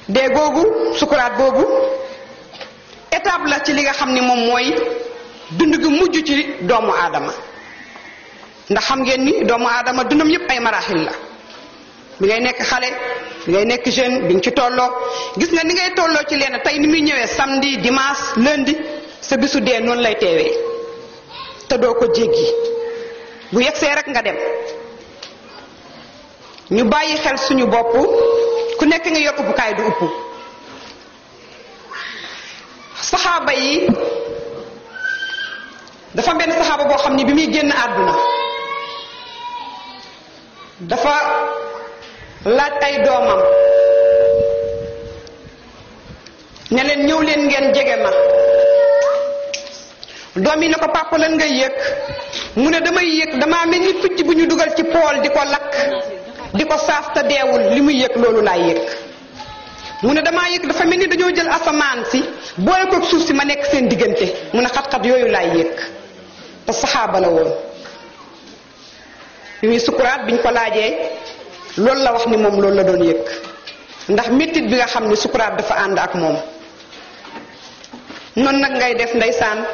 dee googu sukuraat boobu étape ci li nga xam ni moom mooy dund gi mujj ci doomu aadama ndax xam ngeen ni doomu aadama dundam yépp ay maraaxil la bi nekk xale bi nekk jeune bi nga ci tolloo gis nga ni ngay tolloo ci lenn tey ni muy ñëwee samedi dimanche lundi sa bisu dee noonu lay teewee te doo ko jéggi bu yegsee rek nga dem ñu bàyyi xel suñu bopp ku nekk nga yor ubbukaay du upp saxaaba yi dafa benn saxaaba boo xam ni bi muy génn àdduna dafa laaj ay doomam ne leen ñëw leen ngeen jege ma doom yi ne ko papa lan ngay yëg mu ne damay yëg dama mel ni picc bu ñu dugal ci pool di ko lakk di ko saaf te deewul li muy yëg loolu laay yëg mu ne dama yëg dafa mel ni dañoo jël asamaan si boole ko suuf si ma nekk seen diggante mu ne xat-xat yooyu laay yëg te saxaaba la woon bi muy sukuraat biñ ko laajee Lol la wax ni mom, lol la doon yek ndax metit bi nga xamni dafa and ak mom non nak ngay def ndaysan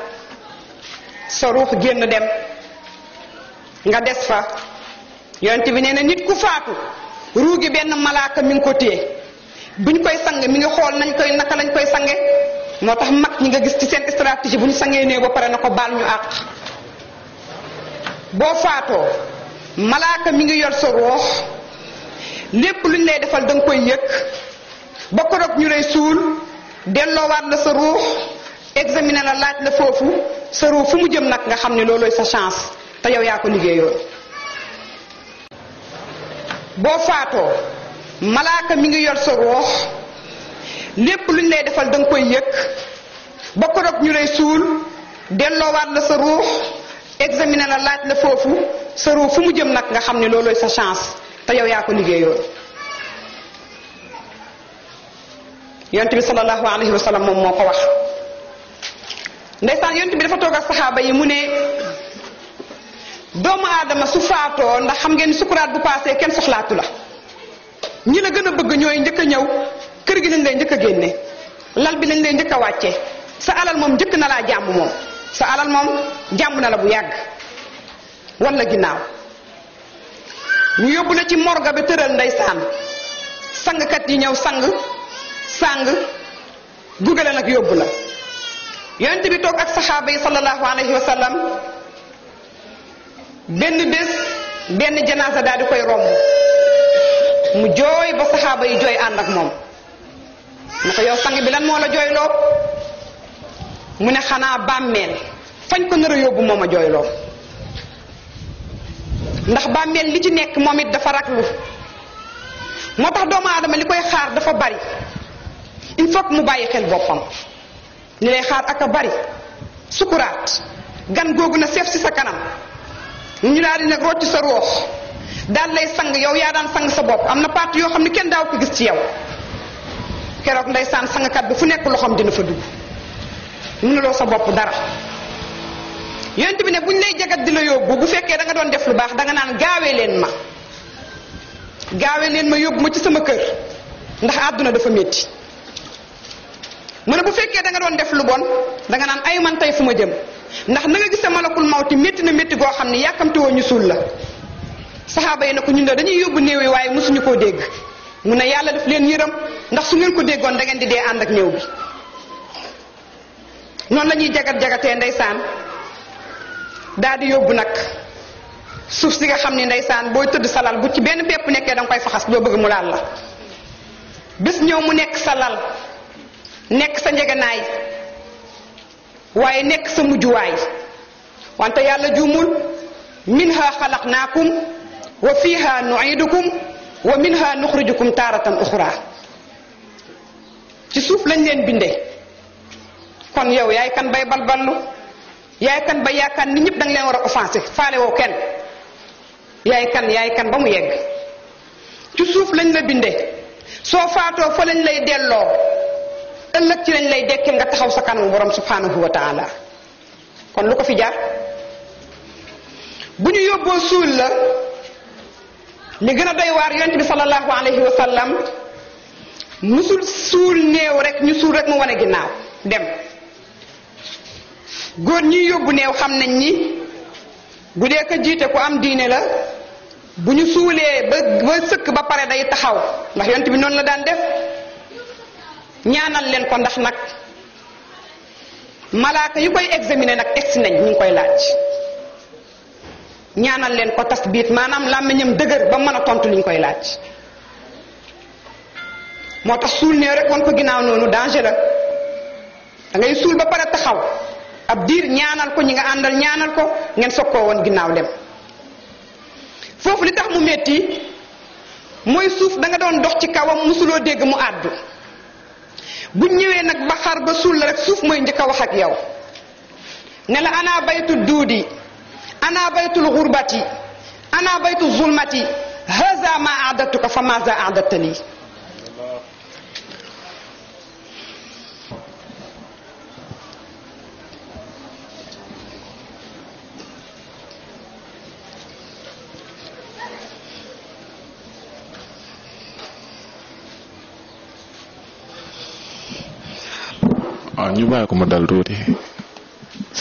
sa ruh genn dem nga dess fa yonent bi neena nit ku faatu ruu gi malaaka mi ngi ko téye buñ koy sang mi ngi xol nañ koy naka lañ koy sange motax mak ñi nga gis ci sen stratégie buñ sangé sangee ba paré nako bal ñu ak bo faato malaaka mi ngi yor sa ruh lépp luñ lay defal da koy yëg ba koroog ñu lay suul delloowaat la sa ruux examiner la laaj la foofu sa fu mu jëm nag nga xam ne loolooy sa chance te yow yaa liggéeyoon. boo faatoo malaaka mi ngi yor sa lépp luñ lay defal da koy yëg ba koroog ñu lay suul delloowaat la sa ruux examiner la laaj la foofu sa ruux fu mu jëm nag nga xam ne loolooy sa chance. te yow yaa ko liggéeyoon yonent bi sallallahu alayhi wa moom moo ko wax ndeysaan yont bi dafa toog ak saxaaba yi mu ne doomu aadama su faatoo ndax xam ngeen sukuraat bu paasee kenn soxlaatu la ñi la gën a bëgg ñooy njëkk a ñëw kër gi lañ lay njëkk a génne lal bi lañ leen njëkk a wàcce sa alal moom njëkk na laa jàmm moom sa alal moom jàmm na la bu yàgg walla ginnaaw ñu yobbu na ci morga ba tëral sang kat yi ñëw sang sang gugale nak yobbu la yonent bi ak sahaba yi sallallahu alayhi wa sallam benn bes benn janaza daal di koy romb mu joy ba sahaba yi joy and ak mom mu ko yow sang bi lan mo la lo mu ne xana bammel fañ ko neure yobbu moma joy lo ndax bàmmeel li ci nekk moom it dafa raglu moo tax doomu aadama li koy xaar dafa bari il faut mu bàyyi xel boppam li lay xaar ak a bari sukuraat gan googu na seef si sa kanam ñu daal di nag rocc sa roox daal lay sang yow yaa daan sang sa bopp am na paat yoo xam ne kenn daaw ko gis ci yow keroog ndeysaan sangkat bi fu nekk loxoom dina fa dugg mënuloo sa bopp dara yonent bi ne bu ñu lay jagat di la yóbbu bu fekkee da nga doon def lu baax da nga naan gaawee leen ma gaawee leen ma yóbbu ma ci sama kër ndax àdduna dafa metti mu ne bu fekkee da nga doon def lu bon danga naan ay man tey fu ma jëm ndax nanga nga gis sa malakul mawti métti na métti goo xam ne yàkkamte woo ñu suul la saxaaba yi na ko ñun de dañuy yóbbu néew yi waaye mosuñu koo dégg mu ne yàlla daf leen yërëm ndax su ngeen ko déggoon da ngeen di dee ànd ak néew noonu la jagat jagatee ndeysaan daa di yóbbu nag suuf si nga xam ni ndeysaan booy tëdd sa lal bu ci benn bépp nekkee danga koy faxas doo bëgg mu laal la bis ñëw mu nekk sa lal nekk sa njeganaay waaye nekk sa mujjuwaay wante yàlla juumul minha xalaqnaakum wa fiha nuidukum wa minha nuxrijukum taaratan uxra ci suuf lañ leen binde kon yow yaay kan bay balballu yaay kan ba yaay kan nit ñëpp danga nga leen war a offensé faale kenn yaay kan yaay kan ba mu yegg ci suuf lañ la bindee soo faatoo fa lañ lay delloo ëllëg ci lañ lay dekkee nga taxaw sa kanamu borom subhanahu wa taala kon lu ko fi jar bu ñu yóbboo suul la ñu gën a doy waar yonent bi sallallahu alayhi wa sallam musul suul néew rek ñu suul rek mu wane ginnaaw dem. góor ñi yóbbu neew xam nañ ni bu dee ko jiite ku am diine la bu ñu suulee ba ba sëkk ba pare day taxaw ndax yont bi noonu la daan def ñaanal leen ko ndax nag malaaka yu koy examiner nag egsi nañ ñu ngi koy laaj ñaanal leen ko tasbiit maanaam làmmiñam dëgër ba mën a tontu liñ koy laaj moo tax suul néew rek wan ko ginnaaw noonu danger la da suul ba pare taxaw ab diir ñaanal ko ñi nga àndal ñaanal ko ngeen soog koo woon ginnaaw dem foofu li tax mu metti mooy suuf danga doon dox ci kawam musuloo dégg mu àddu buñ ñëwee nag ba xar ba suul la rek suuf mooy njëkk a wax ak yow ne la ana baytu duudi ana baytul xurbati ana baytu zulmati haza ma aadatuka fa maza aadattani ñu bàyyi ko mu dal tuuti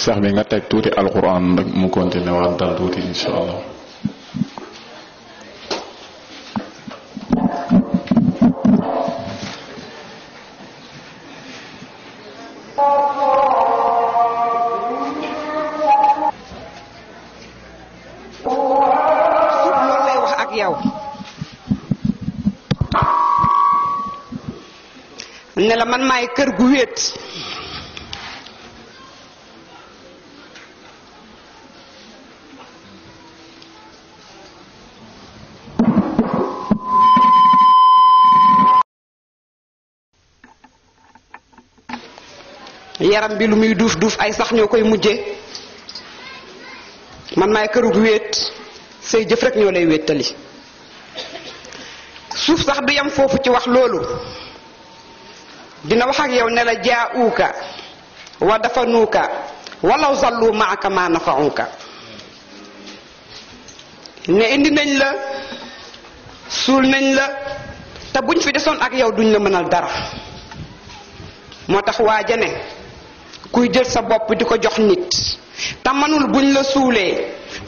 sax bi nga teg tuuti alquran rek mu continuer waat dal tuuti insha allah ne la man maay kër gu wéet yaram bi lu muy duuf duuf ay sax ñoo koy mujje man maay kërug wéet say jëf rek ñoo lay wéttali suuf sax du yam foofu ci wax loolu dina wax ak yow ne la jaa uuka wa dafa nuuka walaw zallu maaka maa nafauka ne indi nañ la suul nañ la te buñ fi desoon ak yow duñ la mënal dara moo tax waaja ne kuy jël sa bopp di ko jox nit te manul buñ la suulee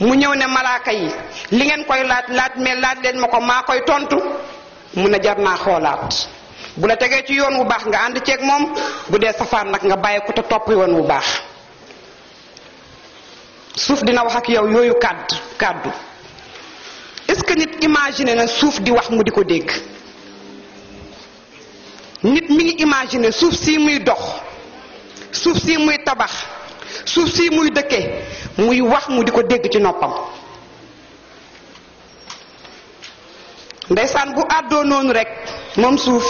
mu ñëw ne malaaka yi li ngeen koy laaj lat mais laaj leen ma koy tontu mu ne jar naa xoolaat bu la tegee ci yoon wu baax nga ànd ceeg moom bu dee safaan nag nga bàyyi ko te topp yoon wu baax suuf dina wax ak yow yooyu kàddu est ce que nit imaginer na suuf di wax mu di ko dégg nit mi ngi imaginer suuf si muy dox suuf sii muy tabax suuf si muy dëkke muy wax mu di ko dégg ci noppam ndeysaan bu àddoo noonu rek moom suuf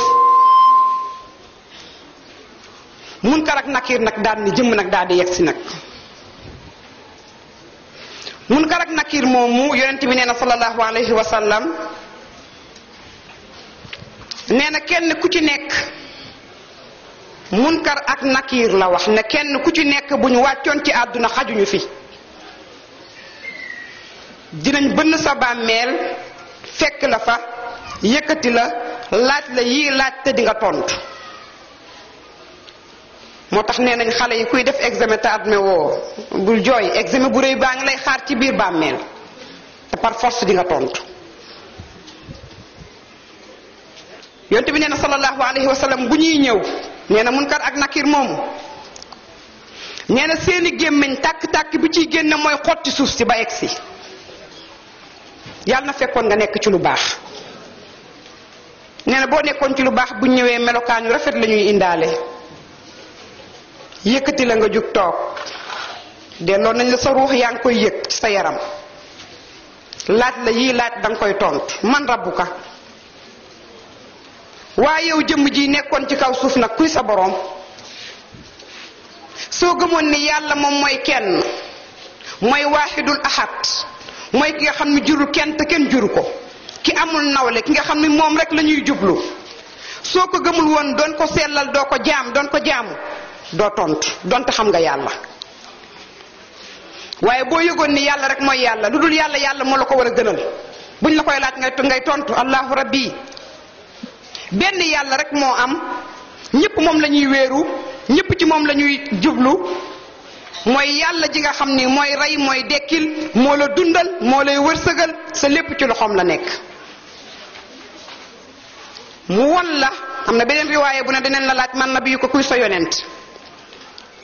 mun kar ak nakiir nag daal ni jëmm nag daal di yegg si nag mun kar ak nakiir moomu yonent bi nee na sallallahu alayhi wa sallam nee na kenn ku ci nekk munkar ak nakiir la wax ne kenn ku ci nekk bu ñu wàccoon ci àdduna xajuñu fi dinañ bënn sa bàmmeel fekk la fa yëkkati la laaj la yii laaj te di nga tontu moo tax nee nañ xale yi kuy def examen te adme woo bul jooy examen bu rëy baa ngi lay xaar ci biir bàmmeel te par force nga tontu yonte bi nee na sallallahu alayhi wa bu ñuy ñëw nee na munkar ak nakir moomu nee seeni gémmiñ tàkk-tàkk bi ciy génne mooy xotti suuf si ba egg si yàlla na fekkoon nga nekk ci lu baax nee na boo nekkoon ci lu baax bu ñëwee melokaan yu rafet la ñuy indaale yëkkati la nga jug toog delloo nañ la sa ruux yaa ngi koy yëg sa yaram laaj la yii laaj danga koy tontu man rabbu ka waaye yow jëmm ji nekkoon ci kaw suuf nag kuy sa boroom soo gëmoon ni yàlla moom mooy kenn mooy waaxidul ahad mooy ki nga xam ne jurul kenn te kenn juru ko ki amul nawle ki nga xam ni moom rek la ñuy jublu soo ko gëmul woon doon ko sellal doo ko jaam doon ko jaamu doo tontu donte xam nga yàlla waaye boo yëgoon ni yàlla rek mooy yàlla lu dul yàlla yàlla moo la ko war a gënal buñ la koy laaj ngay ngay tontu allahu rabbi benn yàlla rek moo am ñëpp moom la ñuy wéeru ñëpp ci moom la ñuy jublu mooy yàlla ji nga xam ni mooy rey mooy dekkil moo la dundal moo lay wërsëgal sa lépp ci loxoom la nekk mu won la am na beneen riwaaye bu ne dinañ la laaj man na bi ko kuy sa yonent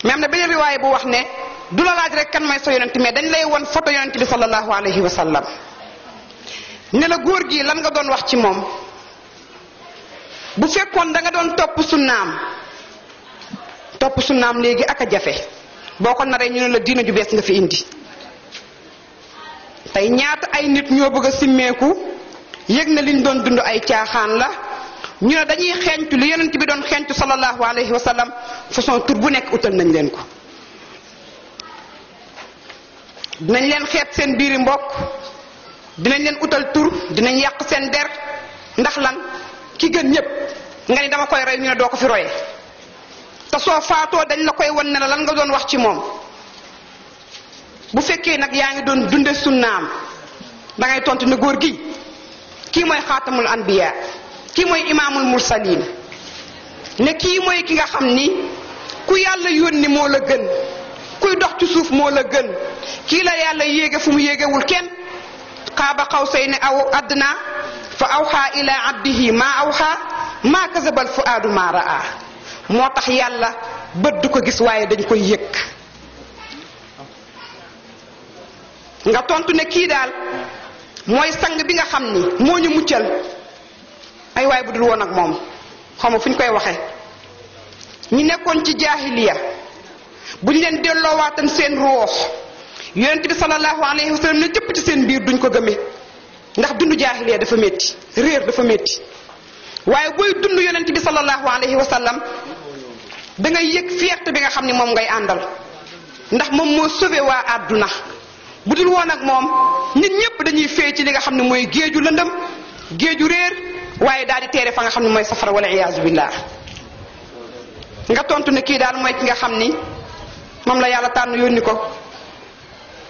mais am na beneen riwaaye bu wax ne du la laaj kan mooy sa yonent mais dañ lay won photo yonent bi sallallahu alayhi wa sallam ne la góor gi lan nga doon wax ci moom bu fekkoon danga doon topp sunnaam topp su naam léegi ak a jafe boo ko naree ñu ne la diina ju bees nga fi indi tey ñaata ay nit ñoo bëgg a simmeeku yëg na liñ doon dund ay caaxaan la ñu ne dañuy xeeñtu li yonent bi doon xeeñtu sallallahu alayhi wa sallam façon tur bu nekk utal nañ leen ko dinañ leen xeet seen biiri mbokk dinañ leen utal tur dinañ yàq seen der ndax lan ki gën ñëpp nga ni dama koy rey ñu ne doo ko fi roye te soo faatoo dañ la koy won ne la lan nga doon wax ci moom bu fekkee nag yaa ngi doon dunde sunnaam da ngay tontu ne góor gi kii mooy xaatamul anbiya kii mooy imaamul mursalin ne kii mooy ki nga xam ni ku yàlla yónni moo la gën kuy dox ci suuf moo la gën kii la yàlla yéege fu mu yéegewul kenn xaaba xaw say ne aw àddina fa awxaa ilaa abdihi maa awxaa maa kasabal fu aadu maa moo tax yàlla bët du ko gis waaye dañ koy yëg nga tontu ne kii daal mooy sang bi nga xam ni moo ñu muccal ay waay bu dul woon ak moom xaw ma fu ñu koy waxe ñi nekkoon ci jaahiliya bu ñu leen delloowaatam seen ruux yonent bi sallallahu alayhi wa sallam ne cëpp ci seen biir duñ ko gëme ndax dund jaahiliya dafa metti réer dafa metti waaye booy dund yonent bi sallallahu alayhi wa sallam da ngay yëg fierté bi nga xam ne moom ngay àndal ndax moom moo sauvé waa àdduna bu dul woon ak moom nit ñépp dañuy fey ci li nga xam ne mooy géeju lëndëm géeju réer waaye daal di teere fa nga xam ne mooy safara wala iyaazu billah nga tontu ne kii daal mooy ki nga xam ni moom la yàlla tànn yónni ko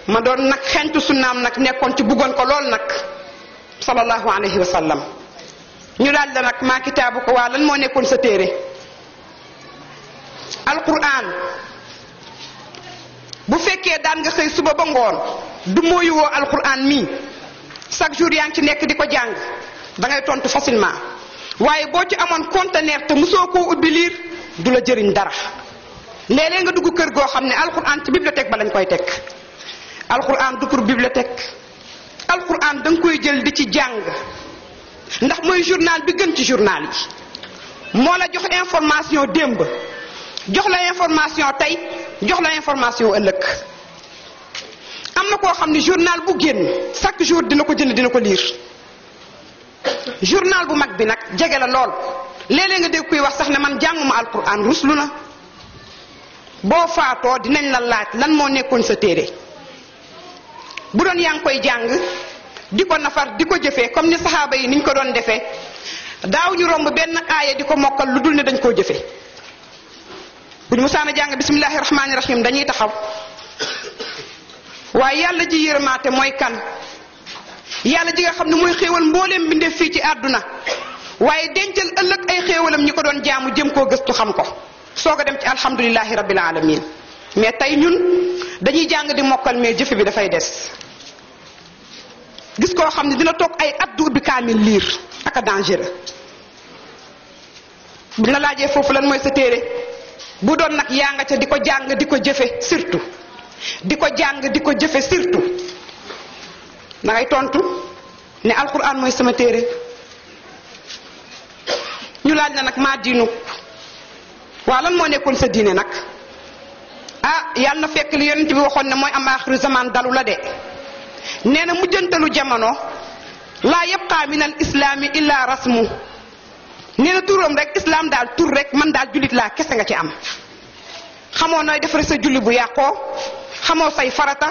ma doon nag xentu sunnaam nag nekkoon ci buggoon ko lool nag sallallahu alayhi wa sallam ñu daal la nag maa kitaabu ko waa lan moo nekkoon sa téere alquran bu fekkee daan nga xëy suba ba ngoon du mooyuwoo alquran mii chaque jour yaa ngi ci nekk di ko jàng da ngay tontu facilement waaye boo ci amoon conteneur te musoo koo ubbi liir du la jëriñ dara léeg-léeg nga dugg kër goo xam ne alquran ci bibliothèque ba lañ koy teg alquran du pour bibliothèque alquran da nga koy jël di ci jàng ndax mooy journal bi gën ci journal yi moo la jox information démb jox la information tey jox la information ëllëg am na koo xam ne journal bu génn chaque jour dina ko jënd dina ko liir journal bu mag bi nag jege la lool léeg nga dégg koy wax sax ne man jànguma alquran ruslu na boo faatoo dinañ la laaj lan moo nekkoon sa téere bu doon yaa ngi koy jàng di ko nafar di ko jëfee comme ni saxaaba yi niñ ko doon defee daaw ñu romb benn aaya di ko mokkal lu dul ne dañ koo jëfee buñ musaana jàng bismillahi rahmaani rahim dañuy taxaw waaye yàlla ji yërmaate mooy kan yàlla ji nga xam ne mooy xéewal mbooleem mbindeef fii ci àdduna waaye dencal ëllëg ay xéewalam ñi ko doon jaamu jëm koo gëstu xam ko soo ko dem ci alhamdulilahi rabbil alamin mais tey ñun dañuy jàng di mokkal mais jëfe bi dafay des gis koo xam ne dina toog ay at du ubbi kaamil liir ak a dangereux buñ la laajee foofu lan mooy sa téere bu doon nag yaa nga ca di ko jàng di ko jëfe surtout di ko jàng di ko jëfe surtout da ngay tontu ne alquran mooy sama téere ñu laaj na nag maa diinu waa lan moo nekkoon sa diine nag ah yàlla na fekk li yonent bi waxoon ne mooy am aaxiru zaman dalu la de nee na mujjantalu jamono laa yabqaa min al islaami illa rasmu nee na turam rek islam daal tur rek man daal jullit laa kese nga ci am xamoo nooy defare sa julli bu yàqoo xamoo say farata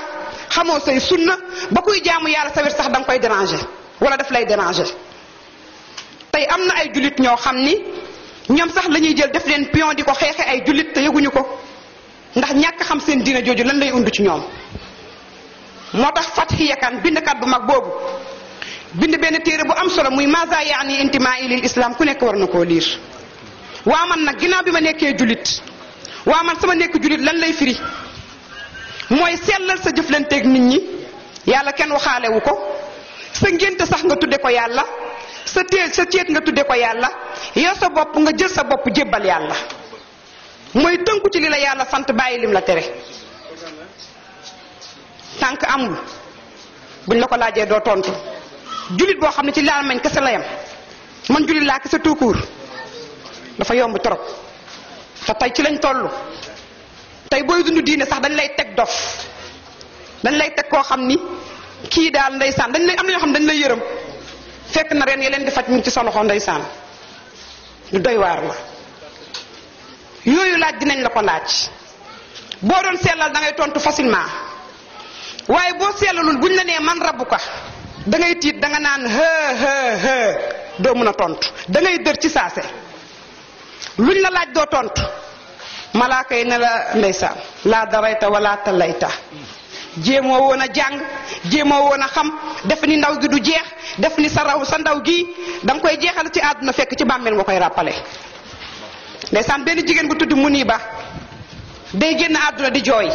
xamoo say sunna ba kuy jaamu yàlla sa sax danga koy déranger wala daf lay déranger tey am na ay jullit ñoo xam ni ñoom sax lañuy jël def leen pion di ko xeexe ay jullit te yëguñu ko ndax ñàkk xam seen diina jooju lan lay undu ci ñoom moo tax Fathiya Kane bindkat bu mag boobu bind benn téere bu am solo muy maza yaani intimaa ilil islaam ku nekk war na koo liir waa man nag ginnaaw bi ma nekkee jullit waa man sama nekk jullit lan lay firi mooy sellal sa jëflanteeg nit ñi yàlla kenn waxaalewu ko sa ngénte sax nga tudde ko yàlla sa tée sa ceet nga tudde ko yàlla yow sa bopp nga jël sa bopp jébbal yàlla mooy tënku ci li la yàlla sant bàyyi lim la tere tànk amul buñ la ko laajee doo tontu jullit boo xam ne ci làmmiñ kese la yam man jullit laa kese tout dafa yomb trop te tey ci lañ toll tey booy dund diine sax dañ lay teg dof dañ lay teg koo xam ni kii daal ndeysaan dañ lay am na ñoo xam dañ lay yërëm fekk na ren ya leen di faj mu ci sa loxo ndeysaan lu doy waar la yooyu laaj dinañ la ko laaj boo doon sellal da ngay tontu facilement. waaye boo seetlalul buñ la nee man rabbu ka da tiit da nga naan hë hë hë doo mën a tontu da dër ci saase luñ la laaj doo tontu malaaka yi ne la ndeysaan laa darayta wala talayta jéemoo woon a jàng jéemoo woon a xam def ni ndaw gi du jeex def ni sa raw sa ndaw gi danga koy jeexal ci àdduna fekk ci bàmmeel nga koy rappale ndeysaan benn jigéen bu tudd mu ba day génn àdduna di jooy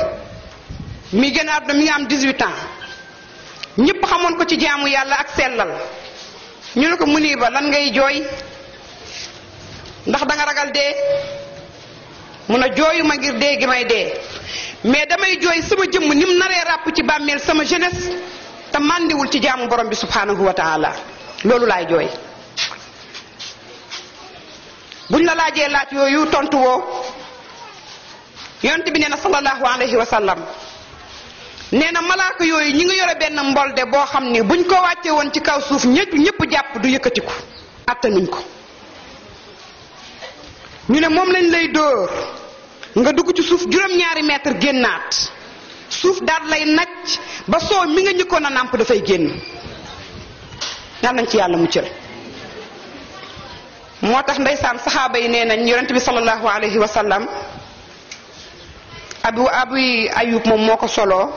mi gën a àdduna mi ngi am 18 ans ñëpp xamoon ko ci jaamu yàlla ak sellal ñu ne ko Muniba lan ngay jooy ndax danga ragal dee mun a jooyu ma ngir dee gi may de mais damay jooy sama jëmm ni mu naree ràpp ci bàmmeel sama jeunesse te màndiwul ci jaamu borom bi subhanahu wa loolu laay jooy buñ la laajee laaj yooyu tontu woo yonent bi nee na sallallahu alayhi wa sallam nee na malaaka yooyu ñi ngi yore benn mbolde boo xam ne buñ ko wàccee woon ci kaw suuf ñëpp ñëpp jàpp du yëkkatiku attanuñ ko ñu ne moom lañ lay dóor nga dugg ci suuf juróom-ñaari mètre génnaat suuf daal lay nacc ba soo mi nga ñëkkoon a nàmp dafay génn yal nañ ci yàlla mu muccal moo tax ndeysaan saxaaba yi nee nañ yonent bi sallallahu alayhi wa sallam abu abu ayub moom moo ko soloo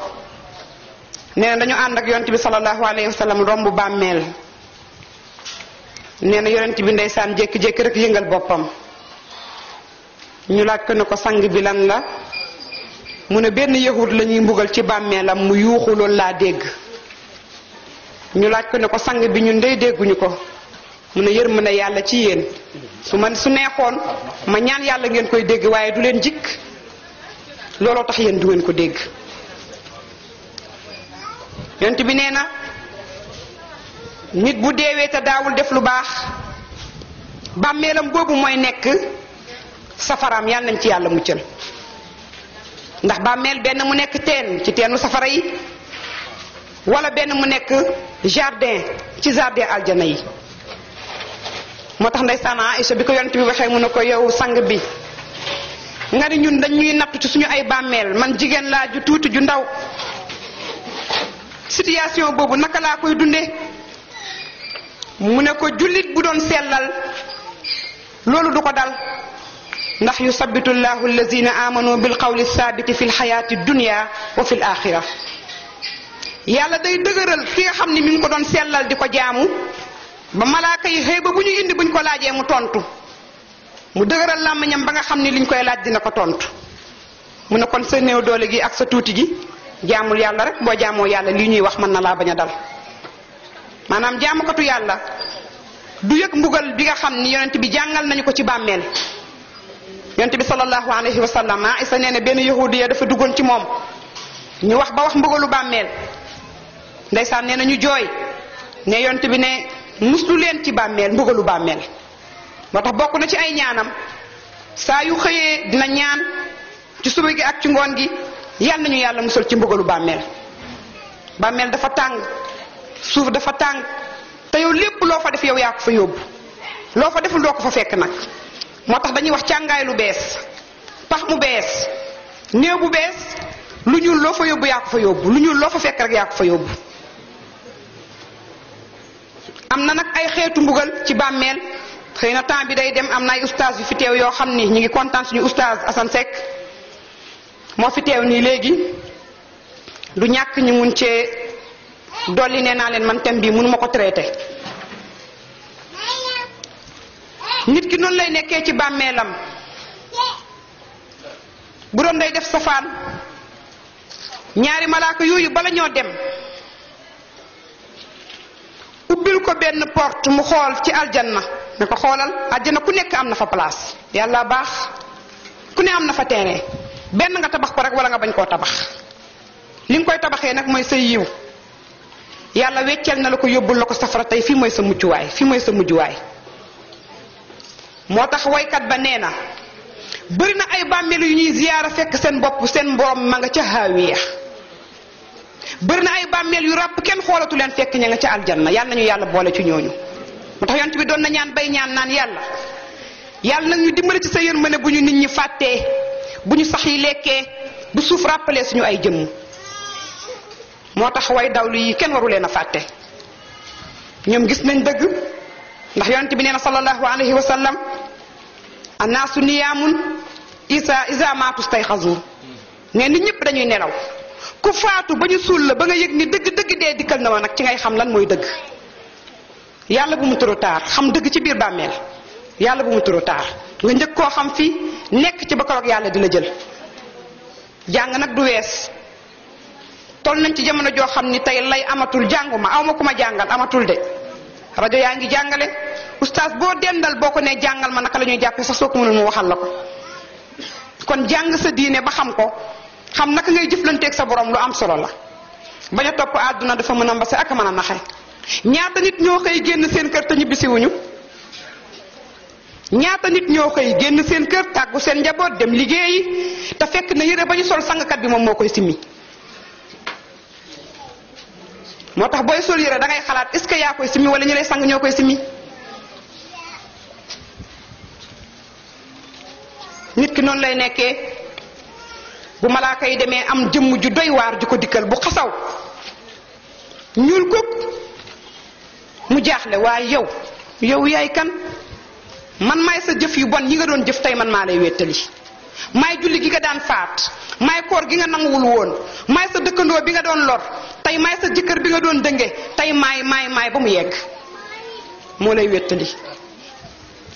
nee dañu ànd ak yont bi sallallahu alayhi wa sallam romb bàmmeel nee na yonent bi ndeysaan jékki-jékki rek yëngal boppam ñu laaj ko ne ko sang bi lan la mu ne benn yahud lañuy ñuy mbugal ci bàmmeelam mu yuuxu loolu laa dégg ñu laaj ko ne ko sang bi ñun ndey dégguñu ko mu ne yërmande yàlla ci yéen su man su neexoon ma ñaan yàlla ngeen koy dégg waaye du leen jikk looloo tax yéen du ngeen ko dégg yont bi nee na nit bu deewee te daawul def lu baax bàmmeelam boobu mooy nekk safaraam yàlla nañ ci yàlla muccal ndax bàmmeel benn mu nekk teen ci teenu safara yi wala benn mu nekk jardin ci jardin aljana yi moo tax ndeysaan Aïcha bi ko yonent bi waxee mu ne ko yow sang bi nga ni ñun dañuy natt ci suñu ay bàmmeel man jigéen laa ju tuuti ju ndaw situation boobu naka laa koy dunde mu ne ko jullit bu doon sellal loolu du ko dal ndax yusabitu llahu allazina amanu bil qawli sabiti fi lxayaati dunia wa yàlla day dëgëral ki nga xam ne mu ngi ko doon sellal di ko jaamu ba malaaka yi xëy ba bu ñu indi buñ ko laajee mu tontu mu dëgëral làmmiñam ba nga xam ni liñ koy laaj dina ko tontu mu ne kon sa néew doole gi ak sa tuuti gi jaamul yàlla rek boo jaamoo yàlla li ñuy wax mën na laa bañ a dal maanaam jaamukatu yàlla du yëg mbugal bi nga xam ni yonent bi jàngal nañu ko ci bàmmeel yonent bi salallahu alayhi wa sallam ah, isa nee na benn yahudiya dafa duggoon ci moom ñu wax ba wax mbugalu bàmmeel ndeysaan nee na ñu jooy ne yonent bi ne muslu leen ci bàmmeel mbugalu bàmmeel moo tax na ci ay ñaanam saa yu xëyee dina ñaan ci suba gi ak ci ngoon gi yal nañu yàlla musal ci mbugalu bàmmeel bàmmeel dafa tàng suuf dafa tàng te yow lépp loo fa def yow yaa ko fa yóbbu loo fa deful doo ko fa fekk nag moo tax dañuy wax càngaay lu bees pax mu bees néew bu bees lu ñuul loo fa yóbbu yaa ko fa yóbbu lu ñuul loo fa fekk rek yaa ko fa yóbbu am na nag ay xeetu mbugal ci bàmmeel xëy na temps bi day dem am na ay ustaas yu fi teew yoo xam ni ñu ngi kontaan suñu ustaas Assane Seck moo fi teew nii léegi du ñàkk ñu mun cee dolli nee naa leen man thème bii ma ko traité nit ki noonu lay nekkee ci bàmmeelam bu doon day def safaan ñaari malaaka yooyu bala ñoo dem ubbil ko benn porte mu xool ci aljanna ne ko xoolal aljanna ku nekk am na fa place yàlla baax ku ne am na fa terrain benn nga tabax ko rek wala nga bañ koo tabax li nga koy tabaxee nag mooy sa yiw yàlla wecceel na la ko yóbbul la ko safara tey fii mooy sa muccuwaay fii mooy sa mujjuwaay moo tax waykat ba nee na bëri na ay bàmmeel yu ñuy ziyaara fekk seen bopp seen borom nga ca haawiya bëri na ay bàmmeel yu ràpp kenn xoolatu leen fekk ña nga ca aljanna yàlla ñu yàlla boole ci ñooñu moo tax yont bi doon na ñaan bay ñaan naan yàlla yàlla nag ñu dimbali ci sa yërmande bu ñu nit ñi fàttee bu ñu sax yi lekkee bu suuf ràppalee suñu ay jëmm moo tax way dawlu yi kenn waru leen a fàtte ñoom gis nañ dëgg ndax yonent bi nee na sallallahu alayhi wa sallam annaasu niyaamun isa isa maatus tay xasu ne nit ñëpp dañuy nelaw ku faatu ba ñu suul la ba nga yëg ni dëgg dëgg dee dikkal na ma nag ci ngay xam lan mooy dëgg yàlla bu mu trop tard xam dëgg ci biir bàmmeel yàlla bu mu trop nga njëkk xam fii Nek ci ba ak yalla dina jël jang nak du wess tol nañ ci jamono jo xamni tay lay amatul janguma awma ma jangal amatul de radio yaangi jangale oustaz bo dendal boko ko jangal ma naka lañuy ñuy sa sokku mënu mu waxal lako ko kon jang sa diine ba xam ko xam naka ngay ak sa borom lu am solo la baña top aduna dafa mëna mbassé ak mëna naxé ñaata nit ñoo génn seen kër te wuñu ñaata nit ñoo koy génn seen kër tàggu seen njaboot dem liggéeyi te fekk na yére ba ñu sol sangkat bi moom moo koy simmi moo tax booy sol yére da xalaat est-ce que yaa koy simmi wala ñu lay sang ñoo koy simmi nit ki noonu lay nekkee bu malaaka yi demee am jëmm ju doy ju ko dikkal bu xasaw ñuul kukk mu jaaxle waaye yow yow yaay kan man maay sa jëf yu bon yi nga doon jëf tey man maa lay wéttali may julli gi nga daan faat maay koor gi nga nanguwul woon maay sa dëkkandoo bi nga doon lor tey maay sa jëkkër bi nga doon dënge tey maay maay maay ba mu yegg moo lay wéttali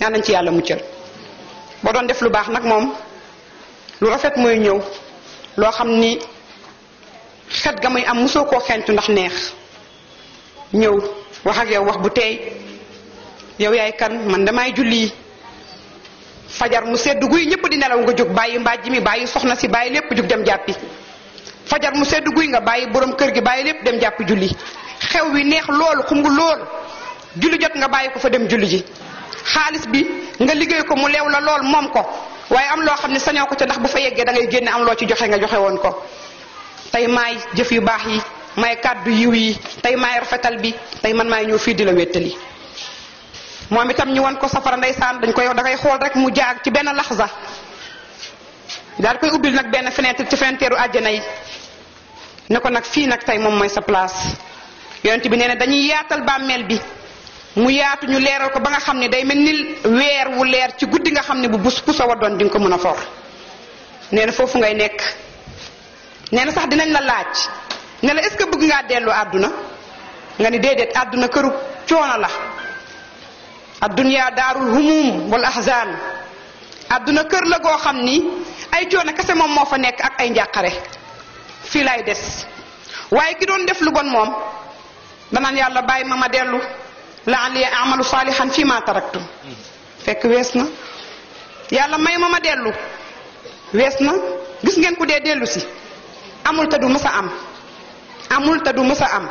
yaa nañ ci yàlla mu muccal boo doon def lu baax nag moom lu rafet mooy ñëw loo xam ni xet ga muy am mosoo koo xentu ndax neex ñëw wax wax bu tey yow yaay kan man damaay julli fajar mu seddu guy ñepp di nelaw nga juk bayyi mbàjj mi bayyi soxna si bayyi lepp juk dem jappi fajar mu seddu guy nga bayyi borom kër gi bayyi lepp dem jappi julli xew wi neex lool nga lool julli jot nga bayyi ko fa dem julli ji xaaliss bi nga liggey ko mu lew la lool mom ko waye am lo xamni ne sañoo ko nyufi ndax bu fa yegge da ngay genn am lo ci joxe nga joxe won ko tay may jëf yu bax yi may kaddu yiw yi rafetal bi tay man may ñu fi di la wétali moom itam ñu wan ko safara ndeysaan dañ koy da xool rek mu jaag ci benn laxza daal koy ubbil nag benn fenêtre ci fenêtru àjjana yi ne ko nag fii nag tey moom mooy sa place yonent bi nee na dañuy yaatal bàmmeel bi mu yaatu ñu leeral ko ba nga xam ne day mel ni weer wu leer ci guddi nga xam ne bu bus a wa doon di nga ko mën a for nee na foofu ngay nekk nee na sax dinañ la laaj ne la est-ce que ngaa dellu àdduna nga ni déedéet àdduna këru coono la adduniyaa daarul humum wal ahzan adduna kër la goo xam ni ay coono kese moom moo fa nekk ak ay njàqare fii laay des waaye ki doon def lu bon moom danaan yàlla bàyyi ma ma dellu la ali amalu saalihan fekk wees na yàlla may ma ma dellu wees na ngeen ku dee dellu si amul te du mës a am amul te du mës a am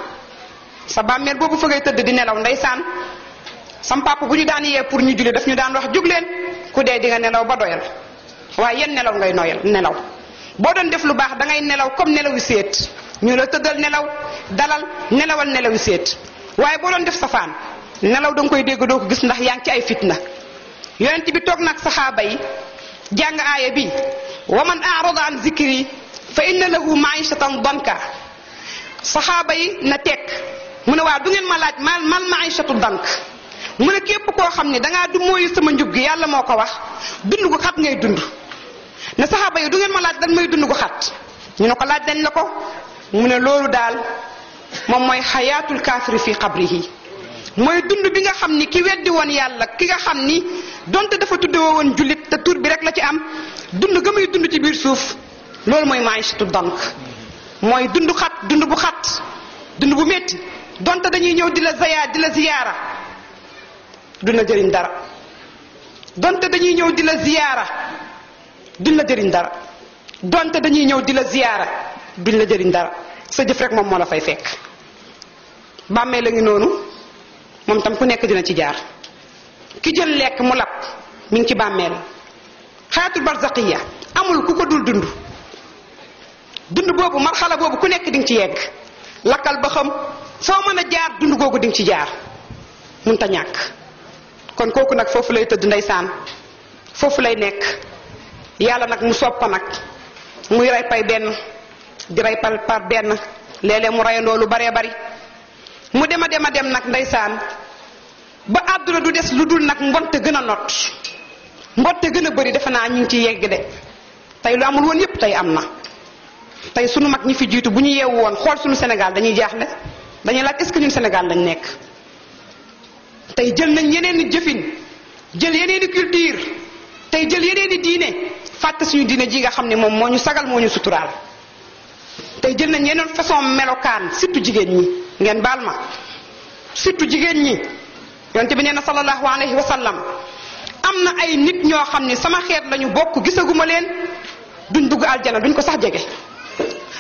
sa bàmmeel boobu fa ngay tëdd di nelaw ndeysaan sam papa ku daan yé pour ñu julli daf ñu daan wax jug ku dé di nga nelaw ba doyal wa yeen nelaw ngay noyal nelaw bo doon def lu bax da ngay nelaw comme nelaw wi sét ñu la teugal nelaw dalal nelawal nelaw wi sét waye bo doon def safan nelaw dang koy dégg do ko gis ndax yaang ci ay fitna yoonte bi tok nak sahaba yi jàng aya bi waman arada an zikri fa inna lahu maishatan danka sahaba yi na tek mune wa du ngeen ma laaj mal mal maishatu dank mu ne képp koo xam ne dangaa du mooyu sama njub gi yàlla moo ko wax dund gu xat ngay dund ne saxaaba yi du ngeen ma laaj dan may dund gu xat ñu ne ko laaj ko mu ne loolu daal moom mooy xayaatul kaafiri fi xabrihi mooy dund bi nga xam ni ki weddi woon yàlla ki nga xam ni donte dafa tuddewoo woon jullit te tur bi rek la ci am dund ga muy dund ci biir suuf loolu mooy maïchatu dank mooy dund xat bu xat dund bu métti donte dañuy ñëw di la zayaa di la ziyaara duñ la jëriñ dara donte dañuy ñëw di la ziyaara duñ la jëriñ dara donte dañuy ñëw di la ziyaara duñ la jëriñ dara sa jëf rek moom moo la fay fekk bàmmee la ngi noonu moom tam ku nekk dina ci jaar ki jël lekk mu lab mu ngi ci bàmmeel xayatul barzaqiya amul ku ko dul dund dund boobu marxala boobu ku nekk di nga ci yegg lakkal ba xam foo mën a jaar dund googu di nga ci jaar munta ñàkk kon kooku nag foofu lay tëdd ndeysaan foofu lay nekk yàlla nag mu soppa nag muy rey pay benn di rey par par benn léeg mu reyandoo lu baree bari mu dem a dem a dem nag ndeysaan ba àdduna du des lu dul nag mbonte gën a not mbonte gën a bëri defe naa ñu ngi ci yegg de tey lu amul woon yépp tey am na tey sunu mag ñi fi jiitu bu ñu yeewu woon xool sunu senegal dañuy jaaxle dañuy laaj est-ce que ñun Sénégal lañ nekk tey jël nañ yeneen i jëfin jël yeneen i culture tey jël yeneen i diine fàtte suñu diine ji nga xam ne moom moo ñu sagal moo ñu suturaal tey jël nañ yeneen façon melokaan surtout jigéen ñi ngeen baal ma surtout jigéen ñi yonte bi nee na sallallahu alayhi wa sallam am na ay nit ñoo xam ne sama xeet lañu bokk gisaguma leen duñ dugg aljana duñ ko sax jege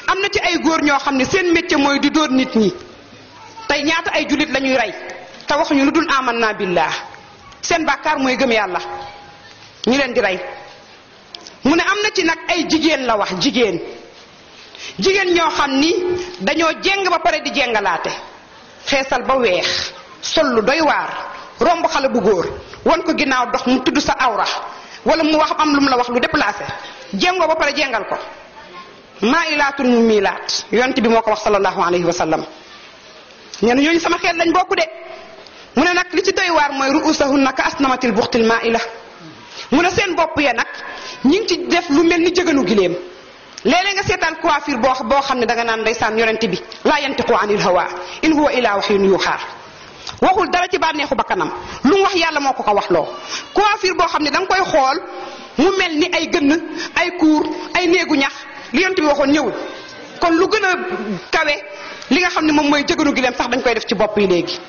am na ci ay góor ñoo xam ne seen métier mooy di dóor nit ñi tey ñaata ay jullit lañuy rey te waxuñu lu dul aman billah seen bakkar moy gëm yalla ñu leen di ray mu ne amna ci nak ay jigen la wax jigen jigen ño xamni ni jeng ba pare di jengalaté xéssal ba wéx sollu doy war romb xala bu goor won ko ginaaw dox mu tuddu sa awra wala mu wax am lu la wax lu déplacer jengo ba pare jengal ko ma mu milat yonti bi moko wax sallallahu alayhi wa ñen sama xel lañ bokku de mune nak li ci doy war moy ruusahunna ka asnamatil buqtil maa'ila mune sen bop ya nak ñi ci def lu melni ni jëganu lele nga seetaan coiffure bo bo xamne da nga naan ndaysan yonent bi laa yantiqu anil hawa in huwa ila wahyun yuuxaa waxul dara ci banexu bakanam lu wax yàlla moko ko wax lo coiffure bo xamne dang koy xol mu melni ay gën ay cour ay negu ñax li yonent bi waxon ñëwul kon lu gëna kawe li nga xamne mom moy mooy jëganu giléem sax dañ koy def ci bop yi léegi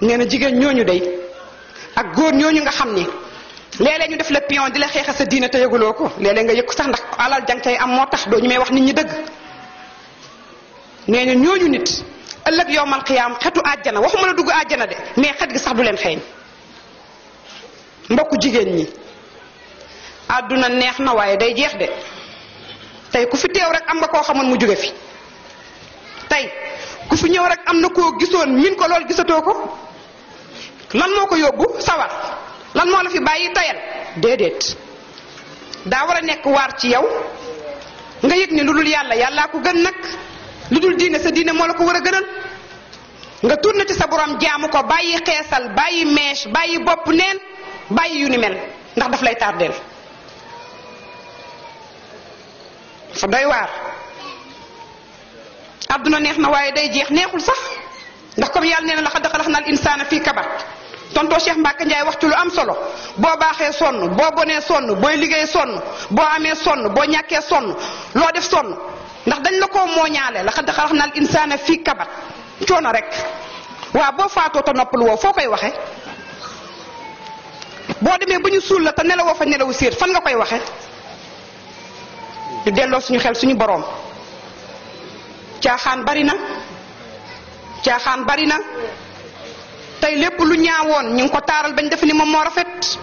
nee na jigéen ñooñu dey ak góor ñooñu nga xam ni léeg-léeg ñu def la piyon di la xeexa sa diine te yëguloo ko léeg nga yëg ko sax ndax alal jang cay am moo tax doo ñu may wax nit ñi dëgg nee na ñooñu nit ëllëg yowmal xiyaam xetu àjjana waxuma la dugg àjjana de mais xet gi sax du leen xeeñ mbokku jigéen ñi àdduna neex na waaye day jeex de tey ku fi teew rek am nga koo xamoon mu jóge fi tey ku fi ñëw rek am na koo gisoon min ko lool gisatoo ko lan moo ko yóbbu sawar lan moo la fi bàyyi tayal déedéet daa war a nekk waar ci yow nga yëg ne lu dul yàlla yàllaa ko gën nag lu dul diine sa diine moo la ko war a gënal nga tourné ci sa borom jaamu ko bàyyi xeesal bàyyi mèche bàyyi bopp neen bàyyi yu ni mel ndax daf lay tardeel fa doy waar àdduna neex na waaye day jeex neexul sax ndax comme yàlla nee na lax xad xalaqnal insaana fii kabar tonton Cheikh Mbacke Ndiaye wax ci lu am solo boo baaxee sonn boo bonee sonn booy liggéey sonn boo amee sonn boo ñàkkee sonn loo def sonn ndax dañ la koo mooñaale laqad xalaqnal insaana fii kabat coono rek waaw boo faatoo te noppalu woo foo koy waxe boo demee ba ñu suul la te nelawoo fa nelawu séet fan nga koy waxe ñu delloo suñu xel suñu boroom caaxaan bari na caaxaan bari na tey lépp lu ñaawoon ñu ngi ko taaral bañ def ni moom moo rafet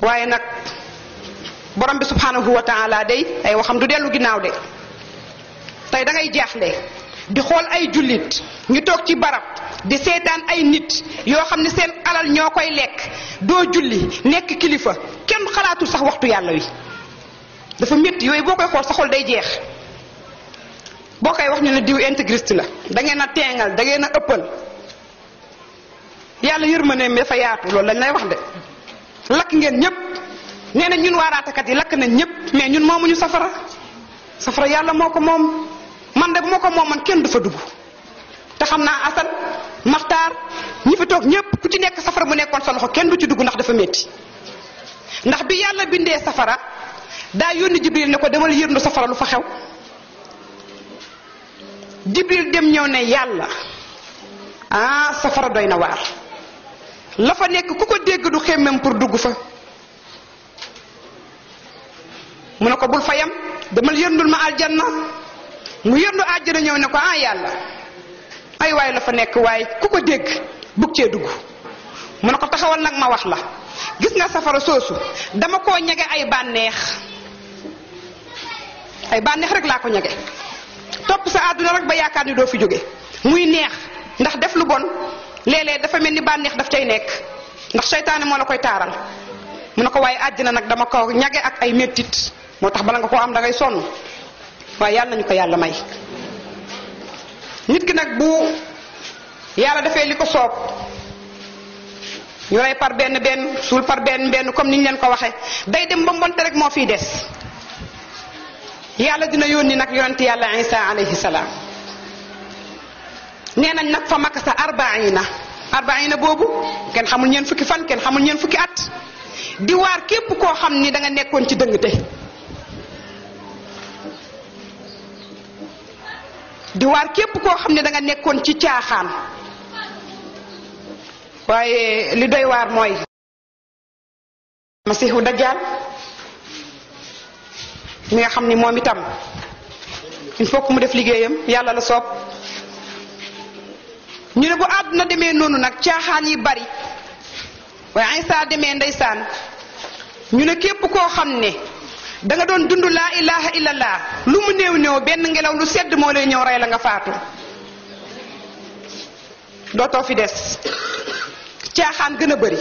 waaye nag borom bi subhanahu wa taala day ay waxam du dellu ginnaaw de tey dangay ngay jaaxle di xool ay jullit ñu toog ci barab di seetaan ay nit yoo xam ne seen alal ñoo koy lekk doo julli nekk kilifa kenn xalaatul sax waxtu yàlla wi dafa métti yooyu boo koy xool sa day jeex boo koy wax ñu ne diw intégriste la dangeen ngeen a teengal da ngeen a ëppal yàlla yërmandeem dafa yaatu loolu lañ lay wax de lakk ngeen ñëpp nee na ñun waaraatekat yi lakk nañ ñëpp mais ñun moomuñu safara safara yàlla moo ko moom man de bu ma ko moom man kenn du fa dugg te xam naa asal maxtaar ñi fi toog ñëpp ku ci nekk safara bu nekkoon sa loxo kenn du ci dugg ndax dafa métti ndax bi yàlla bindee safara daa yónni jibril ne ko demal yërndu safara lu fa xew jibril dem ñëw ne yàlla ah safara doy na waar la fa nekk ku ko dégg du xemmem pour dugg fa mu ne ko bul fayam demal yëndul ma na mu yëndu àjjana ñëw ne ko ah yàlla ay waay la fa nekk waaye ku ko dégg bugg cee dugg mu ne ko taxawal nag ma wax la gis nga safara soosu dama koo ñege ay bànneex ay bànneex rek laa ko ñege topp sa àdduna rek ba yaakaar ni doo fi jóge muy neex ndax def lu bon léeg dafa mel ni bànneex daf cay nekk ndax seytaane moo la koy taaral mu na ko waaye na nag dama ko ñage ak ay mettit moo tax bala nga koo am da ngay sonn waaye yàlla nañu ko yàlla may nit ki nag bu yàlla defee li ko soog ñu rey par benn benn suul par benn benn comme ni ñu leen ko waxee day dem ba mbonte rek moo fiy des yàlla dina yónni nag yonent yàlla Isa alayhi salaam nee nañ nag fa makasa arbaina arbaina boobu kenn xamul ñeen fukki fan kenn xamul ñeen fukki at di waar képp koo xam ni danga nekkoon ci dëng te di waar képp koo xam ne danga nekkoon ci caaxaan waaye li doy waar mooy masiixu dajjaal mi nga xam ni moom itam il faut mu def liggéeyam yàlla la soob ñu ne bu àdduna demee noonu nag caaxaan yi bari waaye saa demee ndeysaan ñu ne képp koo xam ne da doon dund laa ilaha illallah lu mu néew néew benn ngelaw lu sedd moo lay ñëw rey la nga faatu dootoo fi des caaxaan gën a bari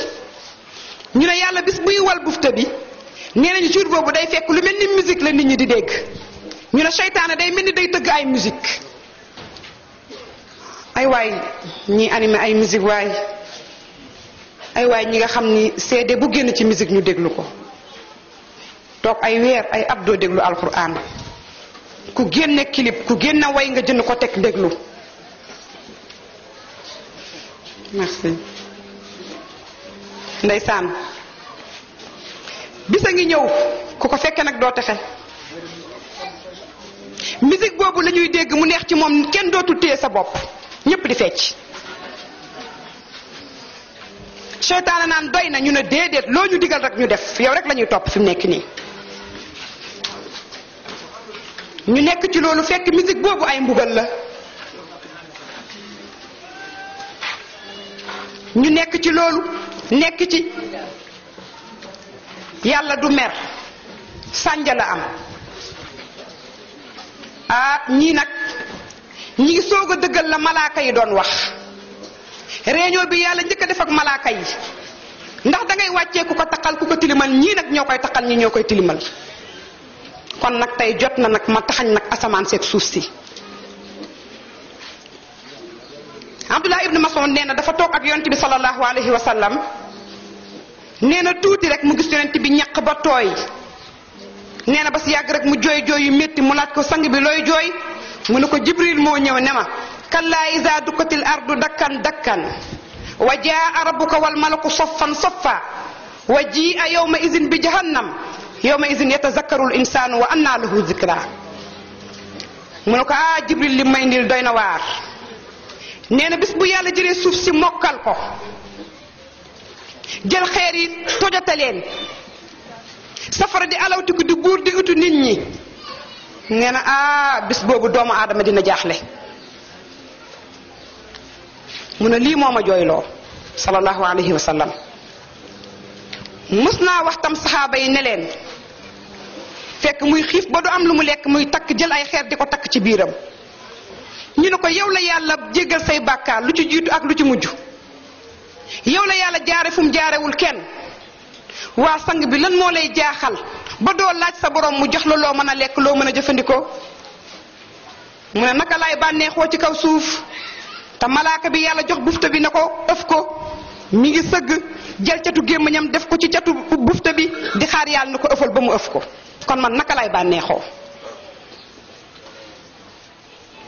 ñu ne yàlla bis buy wal bufta bi nee nañu jour boobu day fekk lu mel ni musique la nit ñi di dégg ñu ne seytaane day mel ni day tëgg ay musique ay waay ñi animé ay misik waay ay waay ñi nga xam ni CD bu génn ci misik ñu déglu ko toog ay weer ay at doo déglu alxuraan ku génne clip ku génne way nga jënd ko teg déglu ndey ndeysaan bis a ngi ñëw ku ko fekke nag doo texe musique boobu la dégg mu neex ci moom kenn dootul téye sa bopp ñëpp di fecc seytaane naan doy na ñu ne déedéet loo ñu digal rek ñu def yow rek la topp fi mu nekk nii ñu nekk ci loolu fekk musique boobu ay mbugal la ñu nekk ci loolu nekk ci yàlla du mer sànja la am ah ñii nag ñi ngi soog a la malaaka yi doon wax reño bi yalla njëkk def ak malaaka yi ndax da ngay wacce ku ko taqal ku ko tilimal ñi nak ñoo takal ñi ñoo tilimal kon nak tay jot na nak ma taxañ nak asaman sek suuf si abdullah ibn mas'ud neena dafa tok ak yonnti bi sallallahu alayhi wa sallam nee na tuuti rek mu gis yonnti bi ñak ba toy neena ba si rek mu joy joy yu metti mu lat ko sang bi loy joy منك جبريل مو نيما كلا اذا دكت الارض دكان دكان وجاء ربك والملك صفا صفا وجيء يومئذ بجهنم يومئذ يتذكر الانسان وانى له ذكرى منك آه جبريل لما يندل دينا وار نينا بس بو يالا جيري سوف سي موكال كو جيل خيري توجتالين سفر دي الاوتك دي غور دي اوتو نيت nee na ah bis boobu doomu aadama dina jaaxle mu ne lii moom a jooyloo sallallahu alayhi wa sallam mës naa wax tam saxaaba yi ne leen fekk muy xiif ba du am lu mu lekk muy takk jël ay xeer di ko takk ci biiram ñu ne ko yow la yàlla jéggal say bàkkaar lu ci jiitu ak lu ci mujj yow la yàlla jaare fu mu jaarewul kenn waa sang bi lan moo lay jaaxal ba doo laaj sa borom mu jox la loo mën a lekk loo mën a jëfandikoo mu ne naka laay bànneexoo ci kaw suuf te malaaka bi yàlla jox bufta bi na ko ëf ko mi ngi sëgg jël catu gémmiñam def ko ci catu bufta bi di xaar yàlla na ko ëfal ba mu ëf ko kon man naka laay bànneexoo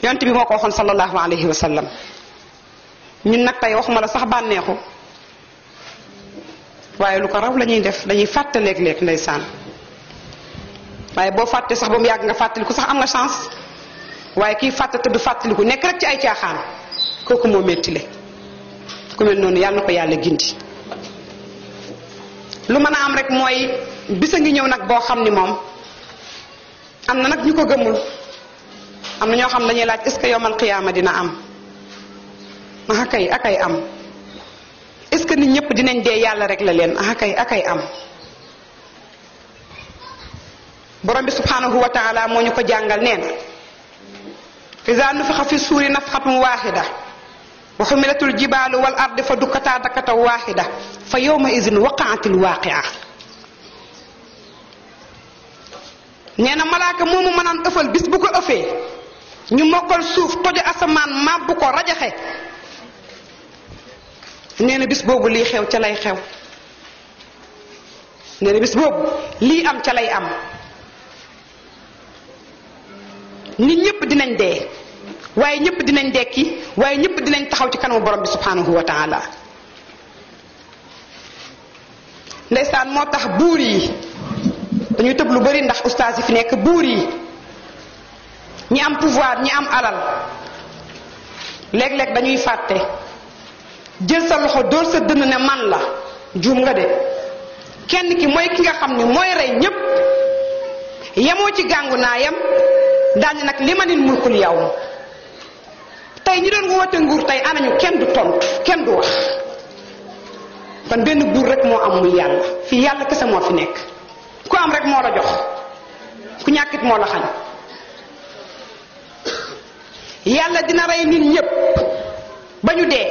yonte bi moo ko waxoon sallallahu alayhi wa sallam ñun nag tey waxuma la sax bànneexu waaye lu ko raw la ñuy def dañuy fàtte léeg-léeg ndeysaan waaye boo fàttee sax ba mu yàgg nga fàttaliku sax am na chance waaye kii fàtte te du ku nekk rek ci ay caaxaan kooku moo méttile ku mel noonu yàlla na ko yàlla gindi lu mën a am rek mooy bisa ngi ñëw nag boo xam ni moom am na nag ñu ko gëmul am na ñoo xam dañuy laaj est-ce que yowmal xiyaama dina am ma ah, akay akay am est-ce que nit ñëpp dinañ dee yàlla rek la leen akay ah akay ah am borom bi subhanahu wa moo ñu ko jàngal nee na iza nufixa fi suuri nafxatun waaxida wa xumilatul jibaalu wal ardi fa dukkataa dakkata waaxida fa yowma izin waqaatil waaqia nee na malaaka moomu mënaan ëffal bis bu ko ëffee ñu mokkal suuf tojo asamaan màbb ko rajaxe neena bis bobu li xew ci lay xew neena bis bobu li am ci lay am nit ñépp dinañ dé waye ñépp dinañ dekki waye ñépp dinañ taxaw ci kanam borom bi subhanahu wa taala ndaysan mo tax buur yi dañuy tëb lu bari ndax oustaz yi fi nek buur yi ñi am pouvoir ñi am alal leg leg dañuy fàtte jël sa loxo dóor sa dënn ne man la juum nga de kenn ki mooy ki nga xam ni mooy rey ñépp yemoo ci gàngu naayam daldi nag li ma nin mulkul yow tey ñi doon woote nguur tey anañu kenn du tontu kenn du wax kon benn buur rek moo am muy yàlla fii yàlla kese moo fi nekk ku am rek moo la jox ku ñàkkit moo la xañ yàlla dina rey nit ñépp ba ñu dee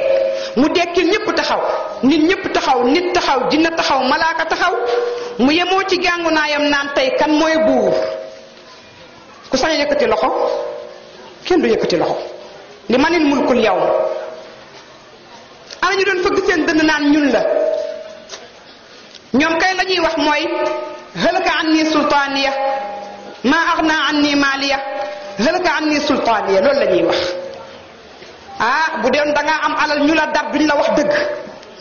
mu dekkil ñépp taxaw nit ñëpp taxaw nit taxaw dina taxaw malaaka taxaw mu yemoo ci gàngu naayam naan tey kan mooy buur ku sañ a loxo kenn du yëkkati loxo li manil mulkul yow ana ñu doon fëgg seen dënn naan ñun la ñoom kay la ñuy wax mooy halaka anni sultaaniya ma agna anni maaliya halaka anni sultaaniya loolu la ñuy wax ah bu doon da nga am alal ñu la dar duñ la wax deug